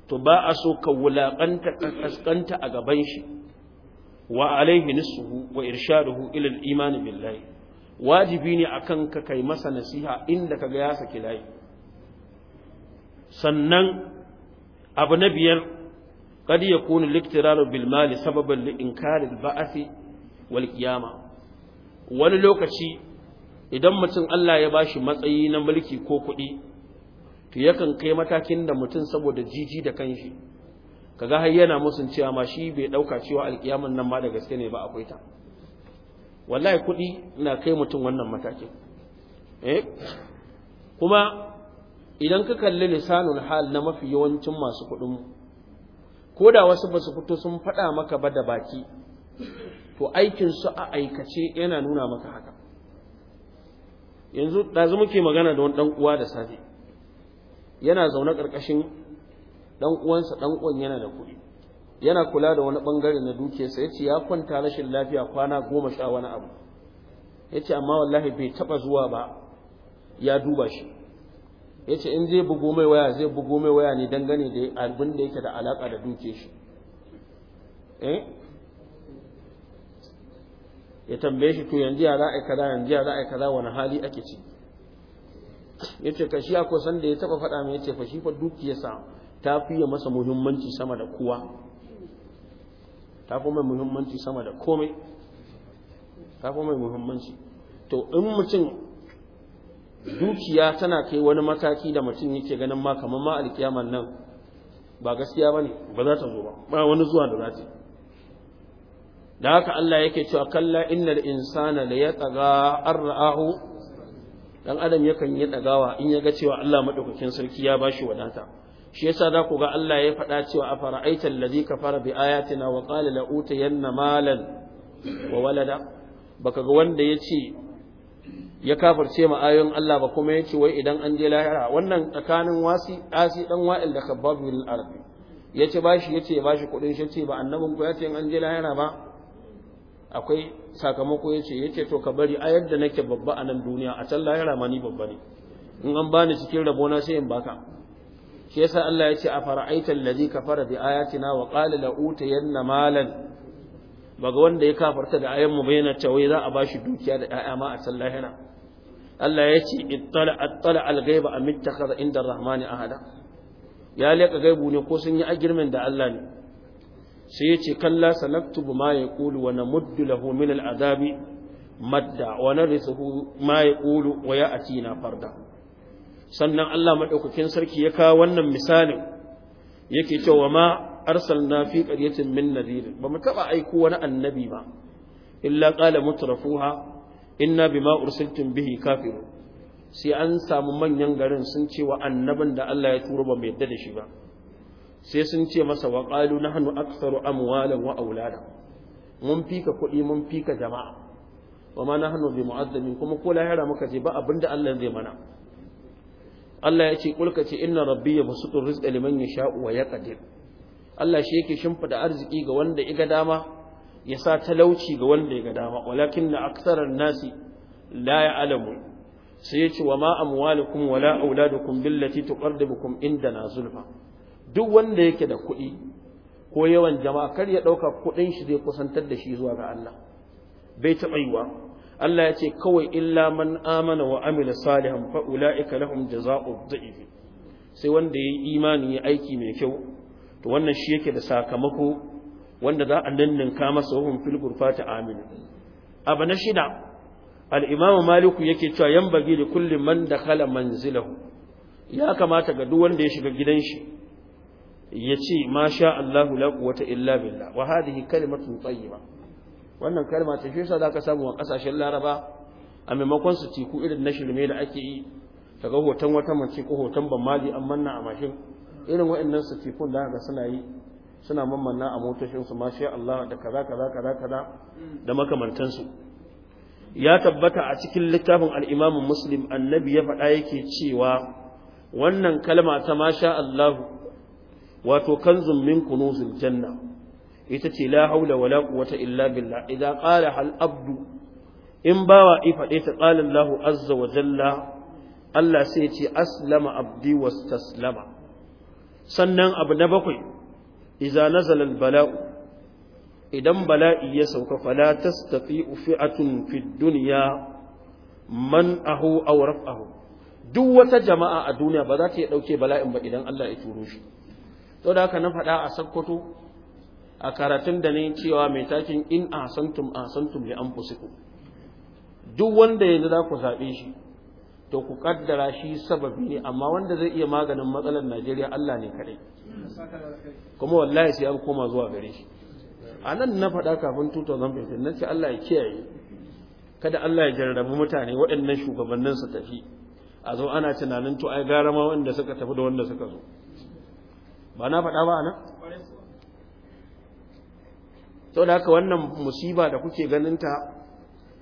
to ba a so ka wulaƙanta kaskanta a gaban shi wa alaihi nisuhu wa irshaduhu ila al-iman billahi wajibi ne akan ka kai masa nasiha inda kaga ya saki layi sannan abu na biyar qad ya liktiraru bil mali sababan li inkari al wal wani lokaci idan mutum Allah ya bashi matsayi na mulki ko kuɗi to yakan kai matakin da mutum saboda jiji da kanshi kaga har yana musun cewa ma shi bai dauka cewa alƙiyamun nan ma da gaske ne ba akwai ta wallahi kuɗi na kai mutum wannan matakin eh? kuma idan ka kalli lisanul hal na mafi yawancin masu kuɗin ko da wasu ba su fito sun faɗa maka ba da baki to aikinsu a aikace yana nuna maka haka yanzu ɗazu muke magana da wani ɗan uwa da safe yana zaune ƙarƙashin ɗan uwansa ɗan uwan yana da kuɗi yana kula da wani ɓangare na dukiyarsa ya ce ya kwanta rashin lafiya kwana goma sha wani abu ya ce amma wallahi bai taɓa zuwa ba ya duba shi ya ce in zai bugo mai waya zai bugo mai waya ne dangane da abin da yake da alaƙa da dukiyar shi eh? ya tambaye shi to yanzu ya za kaza yanzu ya za kaza wani hali ake ci yace ka shi akwai da ya taba faɗa mai yace fa shi fa dukiyarsa ta ya masa muhimmanci sama da kowa ta fi mai muhimmanci sama da komai ta fi mai muhimmanci to in mutum dukiya tana kai wani mataki da mutum yake ganin ma kamar ma alkiyaman nan ba gaskiya ba ne ba za ta zo ba ba wani zuwa da za ta yi da haka Allah yake cewa kalla innal insana la yataga arra'ahu dan adam yakan yi dagawa in ya ga cewa Allah madaukakin sarki ya bashi wadata shi yasa za ku ga Allah ya faɗa cewa a fara'aita allazi kafara bi ayatina wa qala la utayanna malan wa walada baka ga wanda yace ya kafirce ma ayoyin Allah ba kuma yace wai idan an je lahira wannan tsakanin wasi asi dan wa'il da kabbabu lil ardi yace bashi yace bashi kudin shi yace ba annabin ku yace in an je lahira ba akwai sakamako yace yace to ka bari a yadda nake babba a nan duniya a can lahira ma ni babba ne in an bani cikin rabona sai in baka shi yasa Allah ya ce a lazi ka fara bi ayatina wa qala la utayanna malan baga wanda ya kafarta da ayan mu bayyana wai za a ba shi dukiya da ƴaƴa ma a can lahira Allah ya ce ittala attala al-ghaiba am ittakhadha inda ar a hada. ya leka gaibu ne ko sun yi girmin da Allah ne sai ya ce kalla sanaktubu ma yaqulu wa namuddu lahu min al'adabi madda wa narithuhu ma yaqulu wa na farda sannan Allah madaukakin sarki ya kawo wannan misalin yake cewa ma arsalna fi qaryatin min nadhir ba mu taba aiko wani annabi ba illa qala mutrafuha inna bima ursiltum bihi kafirun sai an samu manyan garin sun ce wa annabin da Allah ya turo ba mai yadda da shi ba sai sun ce masa wa na hannu aksaru amwalan wa aulada mun fika kuɗi mun fika jama'a wa ma hannu bi mu'azzamin kuma ko lahira muka ce ba abinda Allah zai mana Allah ya ce kulka ce inna rabbi yabsutu rizqa liman yasha'u wa yaqdir Allah shi yake shimfida arziki ga wanda iga dama ya sa talauci ga wanda iga dama walakin na aksarar nasi la alamu. sai ya ce wa ma amwalukum wala auladukum billati inda na zulfa duk wanda yake da kuɗi ko yawan jama'a kar ya ɗauka kuɗin shi zai kusantar da shi zuwa ga Allah bai taɓa yiwa Allah ya ce kawai illa man amana wa amila salihan fa ula'ika lahum jaza'u dha'if sai wanda yayi imani ya aiki mai kyau to wannan shi yake da sakamako wanda za a ka masa wahum fil gurfati amin abu na shida al-imam malik yake cewa yan bagi da kulli man dakhala manzilahu ya kamata ga duk wanda ya shiga gidan shi yace ma sha Allahu la quwwata illa billah wa hadhihi kalimatun tayyiba wannan kalma ta shi yasa zaka samu a kasashen Laraba a maimakon su tiku irin na shirme da ake yi daga hoton wata mace ko hoton mali an manna a mashin irin waɗannan su tikun da ga suna yi suna mamanna a motocin su ma sha Allah da kaza kaza kaza kaza da makamantansu ya tabbata a cikin littafin al-Imam Muslim annabi ya faɗa yake cewa wannan kalma ta masha Allahu wato kanzun min kunuzil janna ita ce la haula wala quwwata illa billah idza qala hal abdu in bawa ifade ta qala Allah azza wa jalla Allah sai ce aslama abdi wastaslama sannan abu na bakwai idza nazala al bala'u idan bala'i ya sauka fala tastati'u fi'atun fid dunya man ahu aw raf'ahu duk wata jama'a a duniya ba za ta iya dauke bala'in ba idan Allah ya turo shi to da haka na faɗa a sakkwato a karatun da ne cewa mai takin in a ahsantum ahsantum li su duk wanda yanzu za ku zaɓe shi to ku kaddara shi sababi ne amma wanda zai iya maganin matsalar Najeriya Allah ne kadai kuma wallahi sai an koma zuwa gare shi a nan na faɗa kafin 2015 na ce Allah ya kiyaye kada Allah ya jarrabu mutane waɗannan shugabannin su tafi a zo ana tunanin to ai gara wanda suka tafi da wanda suka zo ba na faɗa ba nan sau da haka wannan musiba da kuke ganinta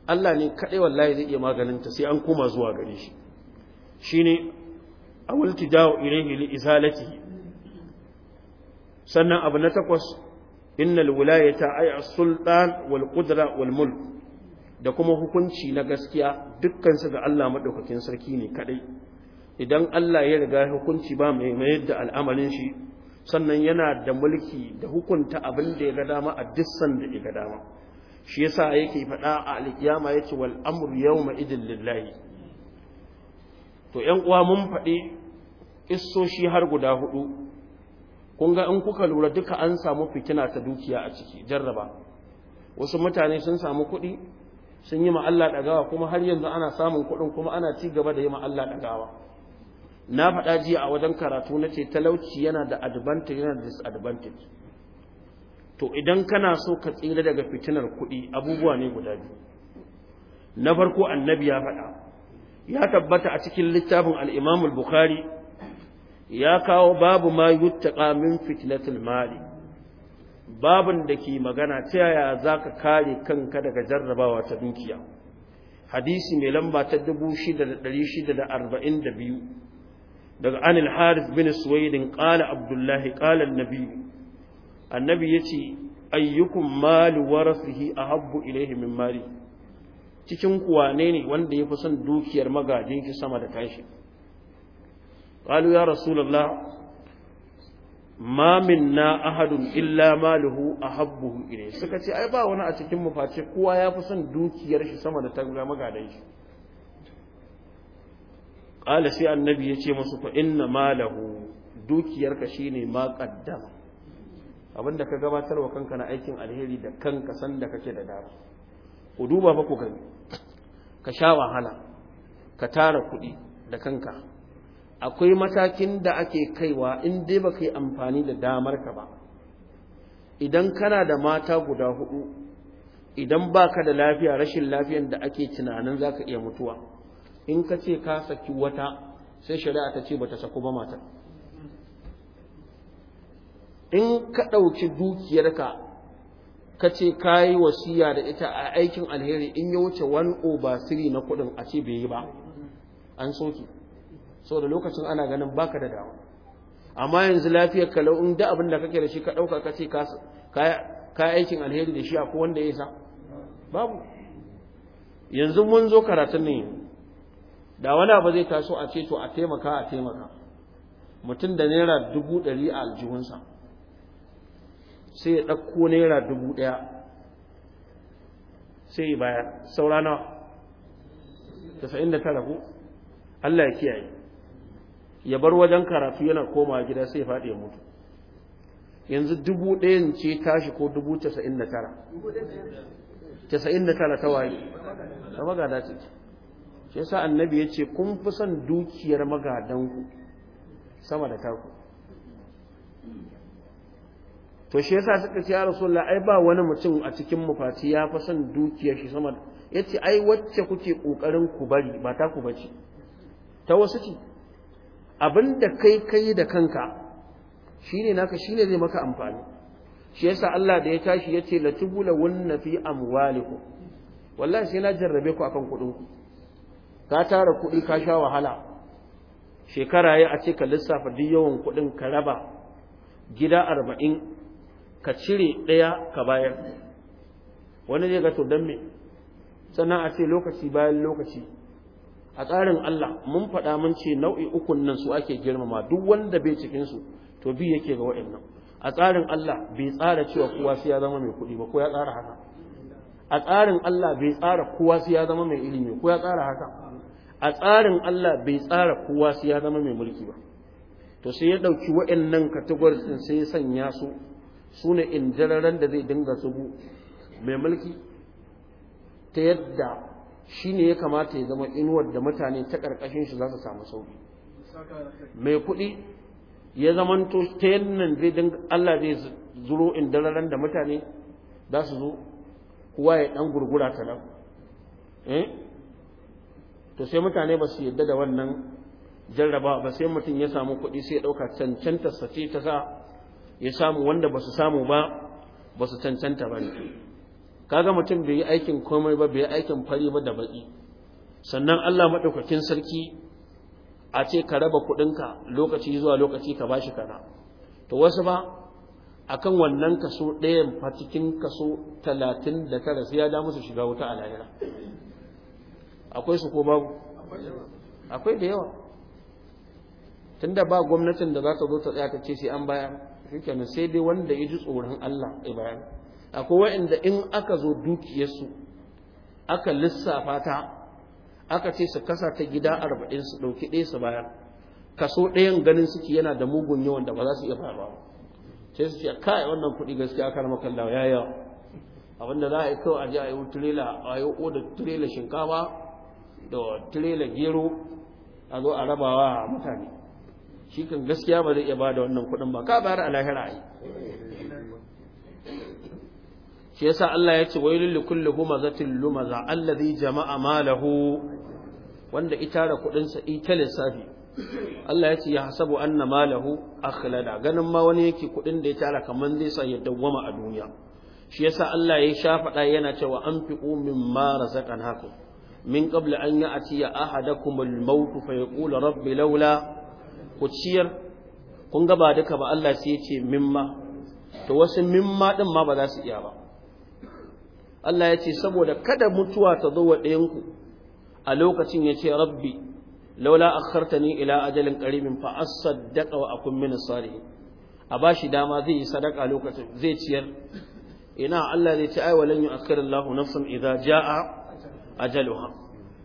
Allah ne kaɗai wallahi zai iya maganinta sai an kuma zuwa gare shi shi ne a wulti dawo irin hili isalati sannan abu na takwas innal wulayata ay as-sultan wal qudra wal mulk da kuma hukunci na gaskiya dukkan su ga Allah madaukakin sarki ne kaɗai idan Allah ya riga hukunci ba mai mayar da al'amarin shi sannan yana da mulki da hukunta abin da ya ga dama a dissan da ya ga dama shi yasa yake faɗa a alkiyama yake wal amru yawma idin lillahi to ƴan uwa mun faɗi issoshi har guda hudu kun ga in kuka lura duka an samu fitina ta dukiya a ciki jarraba wasu mutane sun samu kuɗi sun yi ma Allah ɗagawa kuma har yanzu ana samun kuɗin kuma ana ci gaba da yi ma Allah ɗagawa na faɗa jiya a wajen karatu na ce talauci yana da advantage yana da disadvantage to idan kana so ka tsira daga fitinar kuɗi abubuwa ne guda biyu na farko annabi ya faɗa ya tabbata a cikin littafin al'imamul bukhari ya kawo babu ma yuttaqa min fitnatil mali babin da ke magana ta yaya za ka kare kanka daga jarrabawa ta dukiya hadisi mai lamba ta dubu shida shida da da da arba'in biyu. daga anil haris bin suwaidin ƙala abdullahi ƙalar nabi annabi ya ce ayyukun mali warasihi a habbu ilaihi min mali cikin kuwa ne ne wanda ya fi son dukiyar magajinki sama da tashi ƙalu ya rasulallah ma minna ahadun illa maluhu habbu ilayhi suka ce ai ba wani a cikin mu face kowa ya fi son dukiyar shi sama da ta magadan shi qala sai annabi ya ce masu fa inna malahu dukiyarka shine ma abin abinda ka gabatar wa kanka na aikin alheri da kanka sanda kake da dama ku duba fa ku gani ka sha wahala ka tara kuɗi da kanka akwai matakin da ake kaiwa in dai baka yi amfani da damar ka ba idan kana da mata guda hudu idan baka da lafiya rashin lafiyan da ake tunanin zaka iya mutuwa in ka ce ka saki wata sai shari'a ta ce ba ta saku ba matar in ka ɗauki dukiyarka ka ce ka yi wasiya da ita a aikin alheri in ya wuce wani obasiri na kuɗin a ce bai yi ba an soke da lokacin ana ganin baka da dama amma yanzu lafiyar kalau in da abin da kake da shi ka ɗauka ka ce ka yi aikin alheri da shi a wanda ya sa babu yanzu mun zo karatun ne da wani abu zai taso a ce to a taimaka a taimaka mutum da naira dubu ɗari a aljihunsa sai ya ɗauko naira dubu ɗaya sai ya bayar saura nawa tasa'in da tara ko Allah ya kiyaye ya bar wajen karatu yana koma gida sai ya faɗi ya mutu yanzu dubu ɗayan ce tashi ko dubu tasa'in da tara tasa'in da tara ta waye ta magada ce shi yasa annabi ya ce kun fi son dukiyar magadanku sama da taku to shi yasa suka ce ya rasulullah ai ba wani mutum a cikin mu Fati ya fi son dukiyar shi sama da yace ai wacce kuke kokarin ku bari ba ta ku bace ta wasu ce abinda kai kai da kanka shine naka shine zai maka amfani shi yasa Allah da ya tashi yace latubula wanna fi amwalikum wallahi sai na jarrabe ku akan kudin ku ka tara kuɗi ka sha wahala shekara ya a ce ka lissafa duk yawan kuɗin ka raba gida arba'in ka cire ɗaya ka bayar wani zai ga to don me sannan a ce lokaci bayan lokaci a tsarin Allah mun faɗa mun ce nau'i ukun nan su ake girmama duk wanda bai cikin su to bi yake ga waɗannan a tsarin Allah bai tsara cewa kowa sai ya zama mai kuɗi ba ko ya tsara haka a tsarin Allah bai tsara kowa sai ya zama mai ilimi ko ya tsara haka a tsarin Allah bai tsara kowa su ya zama mai mulki ba to sai ya ɗauki wa'annan categories ɗin sai ya sanya su su ne indararen da zai dinga zubu mai mulki ta yadda shi ne ya kamata ya zama inuwar da mutane ta ƙarƙashin shi za su samu sauƙi mai kuɗi ya to ta yannan zai dinga Allah zai zuro indararen da mutane za su zo kowa ya ɗan gurgura ta nan eh? to sai mutane ba su yadda da wannan jarraba ba sai mutum ya samu kuɗi sai ya ɗauka cancanta sace ta sa ya samu wanda ba su samu ba ba su cancanta ba ne kaga mutum bai yi aikin komai ba bai yi aikin fari ba da baƙi sannan Allah maɗaukakin sarki a ce ka raba kuɗinka lokaci zuwa lokaci ka bashi kana to wasu ba akan wannan kaso ɗayan fa cikin kaso talatin da tara sai ya da musu shiga wuta a lahira akwai su ko babu akwai da yawa tunda ba gwamnatin da za ta zo ta tsaya ta ce sai an bayan shikenan sai dai wanda ya ji tsoron Allah ya bayan akwai wa'anda in aka zo dukiyarsu aka lissafa ta aka ce su kasa ta gida arba'in su ɗauki ɗaya su bayar kaso ɗayan ganin suke yana da mugun yawan da ba za su iya faruwa sai su ce kai wannan kuɗi gaskiya kar makalla ya yawa abinda za a yi kawai a je a yi tirela, a yi oda turela shinkafa da tirela gero a zo a rabawa mutane shi kan gaskiya ba zai iya ba da wannan kuɗin ba ka bayar a lahira yi shi yasa Allah ya ce wailul likulli humazatin lumaza allazi jama'a malahu wanda itara kudin sa ita lissafi Allah ya ce ya hasabu anna malahu akhlada ganin ma wani yake kuɗin da ya tara kaman zai sa ya dawwama a duniya shi yasa Allah ya faɗa yana cewa anfiqu mimma razaqanakum min qabla an ya'tiya ahadakum al-maut fa yaqulu rabbi laula ku ciyar kun ga ba duka ba Allah sai yace ce mimma to wasu mimma din ma ba za su iya ba Allah ya ce saboda kada mutuwa ta zo wa ɗayanku a lokacin ya rabbi laula akhartani ila ajalin qarimin fa asaddaqa wa akun min salihin a bashi dama zai yi sadaka lokacin zai ciyar ina Allah zai ci ai walan yu'akhiru Allahu nafsan idza jaa ajaluha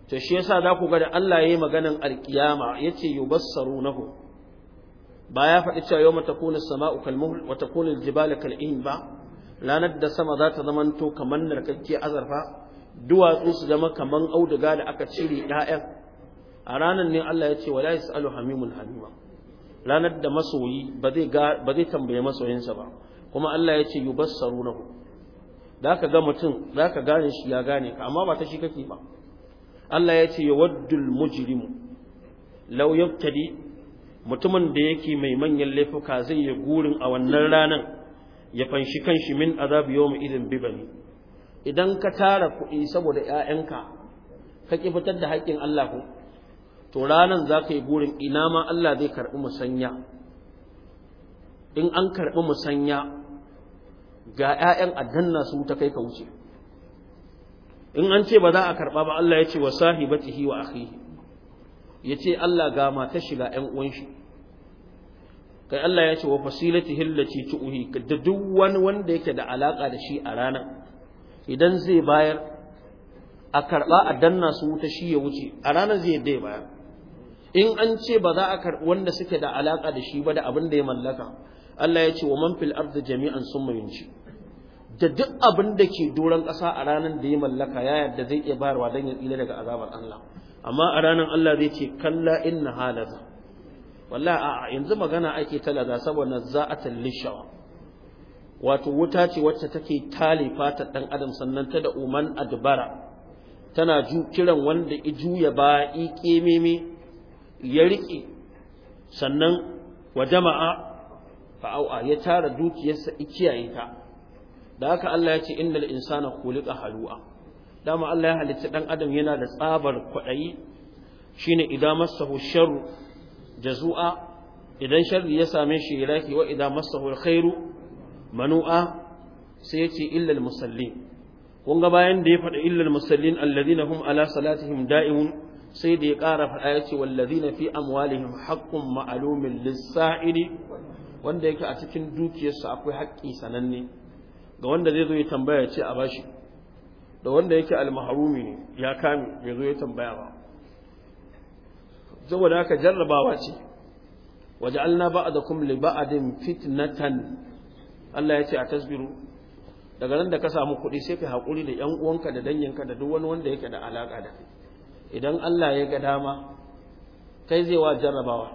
to shi yasa za ku ga da Allah yayi maganan alkiyama yace nahu ba ya faɗi cewa yawma takunu as-sama'u kalmuhl wa takunu al-jibalu ba ranar da sama za ta zamanto kamar narkakke azarfa duwatsu su zama kaman auduga da aka cire ɗayan a ranar ne Allah ya ce wala yasalu hamimun hamima ranar da masoyi ba zai tambaye masoyinsa ba kuma Allah ya ce nahu. za ka ga mutum za ka gane shi ya gane ka amma ba ta shi kake ba Allah ya ce ya waddul mujrimu law yabtadi mutumin da yake mai manyan laifuka zai yi gurin a wannan ranan ya fanshi kanshi min azabi yawmi idin bibani idan ka tara kuɗi saboda ƴaƴanka ka ki fitar da haƙƙin Allah ko to ranan za ka yi gurin ina ma Allah zai karɓi musanya in an karɓi musanya ga 'ya'yan addanna su wuta kai ka wuce in an ce ba za a karɓa ba Allah ya ce wa sahi sahibatihi wa akhihi ya ce Allah ga mata shiga 'yan uwanshi. shi kai Allah ya ce wa fasilatihi allati tu'hi da duk wani wanda yake da alaƙa da shi a ranar idan zai bayar a karɓa a danna su wuta shi ya wuce a ranar zai yadda ya bayar in an ce ba za a karɓi wanda suke da alaƙa da shi ba da abin da ya mallaka Allah ya ce wa man fil ardi jami'an summa yunci da duk abin da ke doron ƙasa a ranar da ya mallaka ya yadda zai iya bayarwa don ya tsira daga azabar Allah amma a ranar Allah zai ce kalla inna halaza walla a yanzu magana ake talaza saboda za za'atan shawa. wato wuta ce wacce take tale fatar ɗan adam sannan ta da uman adbara tana ju kiran wanda i juya ba i kememe ya riƙe sannan wa jama'a fa'au'a ya tara dukiyarsa i ta da haka Allah ya ce innal insana khuliqa halu'a dama Allah ya halitta dan adam yana da tsabar kwadayi shine idan masahu sharru jazua idan sharri ya same shi yaki wa idan masahu alkhairu manu'a sai ya ce illal musallin kun ga bayan da ya faɗa illal musallin alladhina hum ala salatihim da'imun sai da ya ƙara faɗa ya ce wallazina fi amwalihim haqqun ma'lumin lis-sa'ili wanda yake a cikin dukiyarsa akwai haƙƙi sananne ga wanda zai zo ya tambaya ce a bashi da wanda yake almaharumi ne ya kame bai zo ya tambaya ba saboda haka jarrabawa ce waje alna ba'adakum a din fitnatan Allah ya ce a tasbiru daga nan da ka samu kuɗi sai ka haƙuri da 'yan uwanka da danginka da duk wani wanda yake da alaƙa da kai idan Allah ya ga dama kai zai wa jarrabawa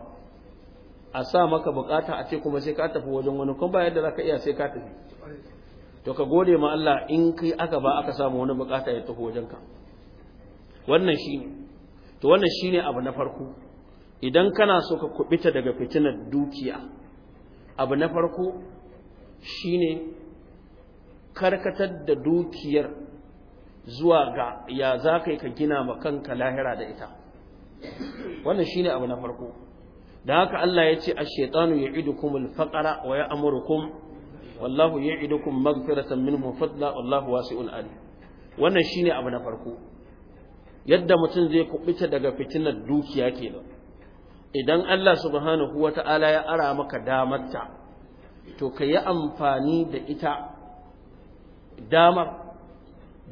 a sa maka bukata a ce kuma sai ka tafi wajen wani kuma ba yadda ka iya sai ka tafi to ka gode ma Allah in kai aka ba aka samu wani bukata ya taho wajenka wannan shine to wannan shine abu na farko idan kana so ka kubita daga fitinar dukiya abu na farko shine karkatar da dukiyar zuwa ga ya za ka ka gina ma kanka lahira da ita wannan shine abu na farko da haka Allah ya ce ash ya idu kuma faƙara wa ya kum. wallahu ya'idukum magfiratan minhu fadla wallahu wasi'un alim wannan shine abu na farko yadda mutum zai kubuta daga fitinar dukiya ke nan, idan Allah subhanahu wata'ala ya ara maka damarta to ka yi amfani da ita damar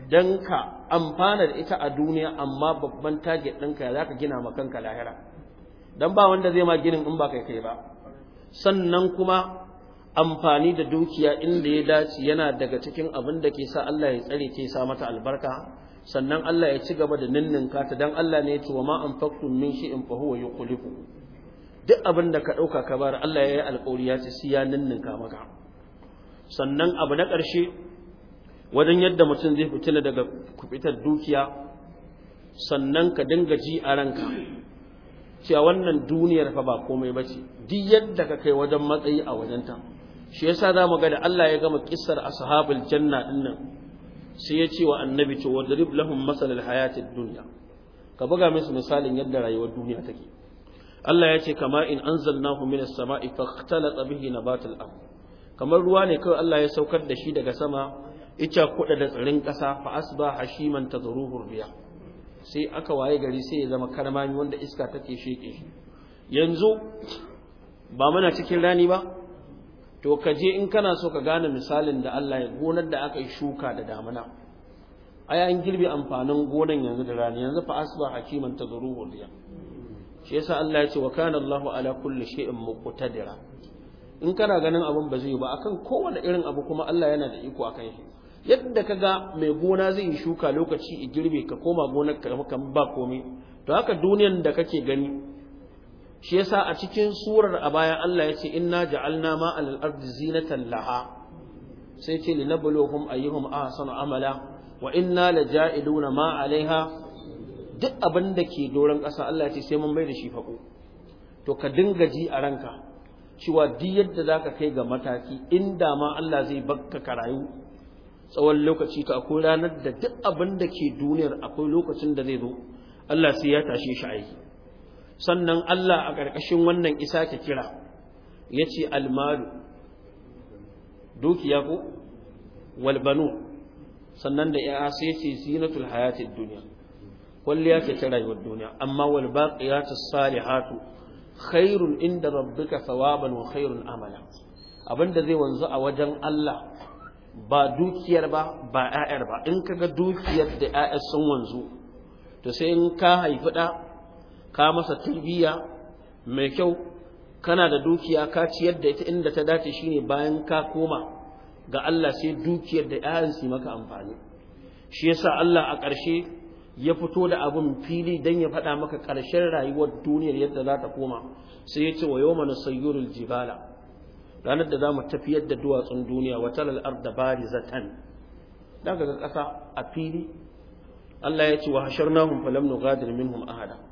don ka amfana da ita a duniya amma babban target ɗinka za ka gina ma kanka lahira don ba wanda zai ma ginin in ba kai kai ba sannan kuma amfani da dukiya inda ya dace yana daga cikin abin da ke sa Allah ya tsare ke sa mata albarka sannan Allah ya ci gaba da ninninka ta dan Allah ne ya ce wa ma anfaqtum min shay'in fa huwa yukhlifu duk abin da ka ɗauka ka bar Allah ya yi alƙawari ya ce sai ya ninninka maka sannan abu na ƙarshe wajen yadda mutum zai fitila daga kufitar dukiya sannan ka dinga ji a ranka cewa wannan duniyar fa ba komai ba ce duk yadda ka kai wajen matsayi a wajenta shi yasa zamu ga da Allah ya gama kissar ashabul janna din nan sai ya ce wa annabi to wadrib lahum masalal hayatid dunya ka buga musu misalin yadda rayuwar duniya take Allah ya ce kama in anzalnahu minas sama'i fakhtalata bihi nabatul ardh kamar ruwa ne kawai Allah ya saukar da shi daga sama icca kuɗa da tsirin ƙasa fa asba hashiman tazruhu riya sai aka waye gari sai ya zama karmami wanda iska take sheke shi yanzu ba muna cikin rani ba to ka je in kana so ka gane misalin da Allah ya gonar da aka yi shuka da damuna ai an girbe amfanin gonan yanzu da rani yanzu fa asba hakiman tadruhu liya shi yasa Allah ya ce wa kana Allahu ala kulli shay'in muqtadira in kana ganin abun ba zai yi ba akan kowane irin abu kuma Allah yana da iko akan shi yadda ka ga mai gona zai yi shuka lokaci i girbe ka koma gonar ka ba komai to haka duniyar da kake gani shi yasa a cikin surar a baya Allah ya ce inna ja'alna ma alal ardi zinatan laha sai ce linabluhum ayyuhum ahsanu amala wa inna laja'iluna ma alaiha duk abin da ke doron ƙasa Allah ya ce sai mun bai da shi fako to ka dinga ji a ranka cewa duk yadda zaka kai ga mataki inda ma Allah zai bakka ka rayu tsawon lokaci to akwai ranar da duk abin da ke duniyar akwai lokacin da zai zo Allah sai ya tashe shi aiki sannan Allah a ƙarƙashin wannan isa ta kira ya ce almalu dukiya ko walbanu sannan da ya sai ce zinatul hayatid duniya kwalliya ke ta rayuwar duniya amma walbaqiyatus salihatu khairun inda rabbika thawaban wa khairun amala abinda zai wanzu a wajen Allah ba dukiyar ba ba ƴaƴar ba in kaga dukiyar da ƴaƴar sun wanzu to sai in ka haifi ɗa ka masa tarbiyya mai kyau kana da dukiya ka ciyar da ita inda ta dace shine bayan ka koma ga Allah sai dukiyar da ƴaƴan su maka amfani shi yasa Allah a ƙarshe ya fito da abun fili dan ya faɗa maka ƙarshen rayuwar duniyar yadda za ta koma sai ya ce wa yawma nusayyirul jibala ranar da zamu tafiyar da duwatsun duniya wa talal arda barizatan daga ga ƙasa a fili Allah ya ce wa hasharnahum falam nughadir minhum ahada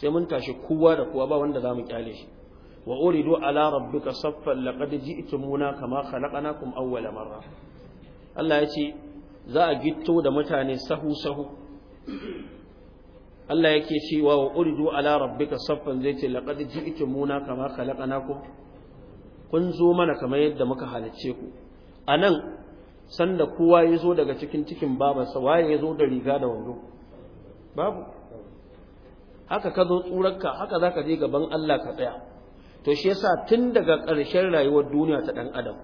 sai mun tashi kowa da kowa ba wanda za mu kyale shi wa uridu ala rabbika saffan laqad ji'tumuna kama khalaqnakum awwala marra Allah ya ce za a gitto da mutane sahu sahu Allah yake cewa wa uridu ala rabbika saffan zai ce laqad ji'tumuna kama khalaqnakum kun zo mana kamar yadda muka halicce ku anan sanda kowa ya zo daga cikin cikin babansa waye ya zo da riga da wando babu haka ka zo tsurarka haka za ka je gaban Allah ka tsaya to shi yasa tun daga ƙarshen rayuwar duniya ta ɗan adam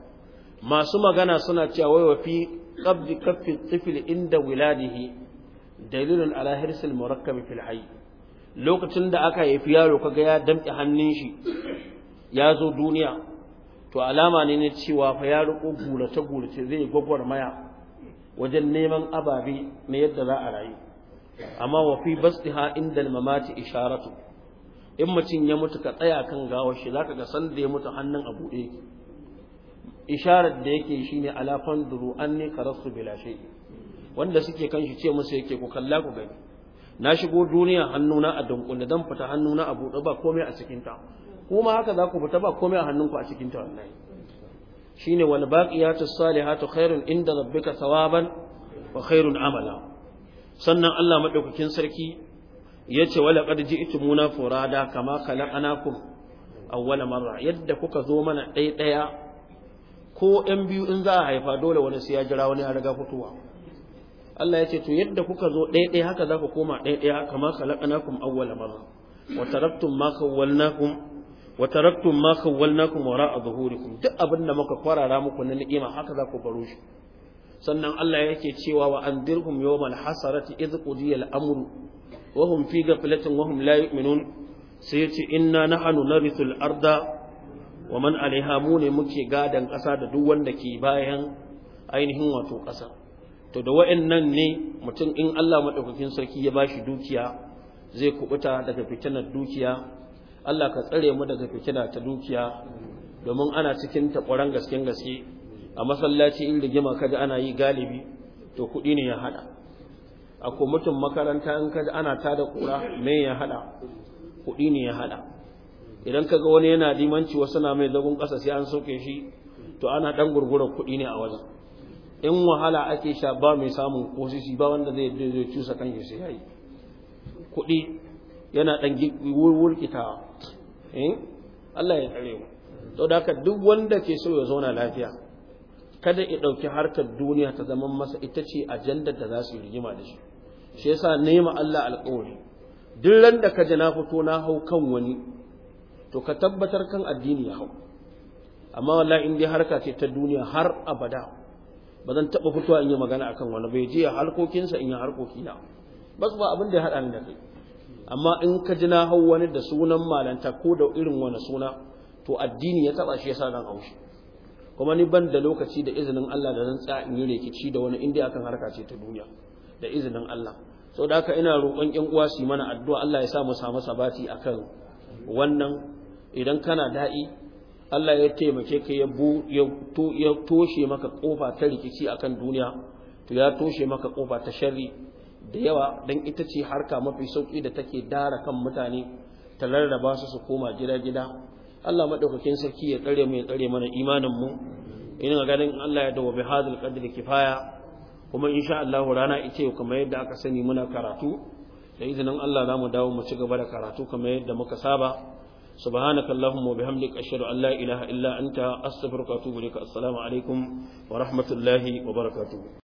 masu magana suna cewa wai wafi qabdi kaffi tifil inda wiladihi dalilun ala hirsil murakkabi fil hayy lokacin da aka haifi yaro kaga ya damƙe hannun shi ya zo duniya to alama ne na cewa fa ya riko gurace gurace zai gwagwarmaya wajen neman ababe na yadda za a rayu amma wa fi basdiha inda mamati isharatu in mutum ya mutu ka tsaya kan gawar shi zaka ga sanda ya mutu hannun a buɗe isharar da yake shine alafan duru ne karasu bilashe. wanda suke kan shi ce musu yake ku kalla ku gani na shigo duniya hannuna a dunkule dan fita hannuna a buɗe ba komai a cikin ta kuma haka za ku fita ba komai a hannunku a cikin ta wallahi shine wal baqiyatu salihatu khairun inda rabbika thawaban wa khairun amala sannan Allah maɗaukakin sarki ya yace wala qad ji'tumuna furada kama khalaqnakum awwala marra yadda kuka zo mana ɗaya ɗaya ko ƴan biyu in za a haifa dole wani sai ya jira wani ya riga fitowa Allah ya ce to yadda kuka zo ɗaya ɗaya haka za ku koma ɗaya ɗaya kama khalaqnakum awwala marra wa taraktum ma khawwalnakum wa taraktum ma khawwalnakum wara'a zuhurikum duk abin da muka kwarara muku na ni'ima haka za ku baro shi sannan Allah yake cewa wa andirhum yawmal hasarati id qudiyal amru wa hum fi ghaflatin wa hum la yu'minun sai yace inna nahnu narithul arda wa man alaiha mu ne muke gadan ƙasa da duk wanda ke bayan ainihin wato kasa to da wa'annan ne mutum in Allah madaukakin sarki ya bashi dukiya zai kubuta daga fitinar dukiya Allah ka tsare mu daga fitina ta dukiya domin ana cikin takwaran gaske gaske a masallaci inda rigima kaji ana yi galibi to kuɗi ne ya haɗa a mutum makaranta in kaji ana ta da kura me ya haɗa kuɗi ne ya haɗa idan kaga wani yana dimanci wasu na mai zagon ƙasa sai an sauke shi to ana ɗan gurgurar kuɗi ne a wajen in wahala ake sha ba mai samun kosisi ba wanda zai zai cusa kan shi sai yayi kuɗi yana ɗan wulkitawa eh? Allah ya tsare mu to da duk wanda ke so ya zauna lafiya kada ya ɗauki harkar duniya ta zama masa ita ce ajandar da za su yi rigima da shi shi yasa nema Allah alƙawari duk ran ka na fito na hau kan wani to ka tabbatar kan addini ya hau amma wallahi in dai harka ce ta duniya har abada ba zan taɓa fitowa in yi magana akan wani bai je harkokinsa in yi harkoki na, ba ba abin da ya haɗa ni da kai amma in ka ji na hau wani da sunan malanta ko da irin wani suna to addini ya taɓa shi yasa zan haushi kuma ni ban da lokaci da izinin Allah da zan tsaya in yi rikici da wani indiya akan harka ce ta duniya da izinin Allah sau da haka ina roƙon ƴan uwa su mana addu'a Allah ya sa mu samu sabati akan wannan idan kana da'i Allah ya taimake ka ya toshe maka kofa ta rikici akan duniya to ya toshe maka kofa ta sharri da yawa dan ita ce harka mafi sauki da take dara kan mutane ta rarraba su su koma gida-gida Allah madaukakin sarki ya tsare mu ya tsare mana imanin mu ina ganin Allah ya dawo bi hadal qadri kifaya kuma insha Allah rana ita kamar yadda aka sani muna karatu da izinin Allah za mu dawo mu ci gaba da karatu kamar yadda muka saba سبحانك اللهم وبحمدك أشهد أن لا إله إلا أنت أستغفرك وأتوب إليك السلام عليكم ورحمة الله وبركاته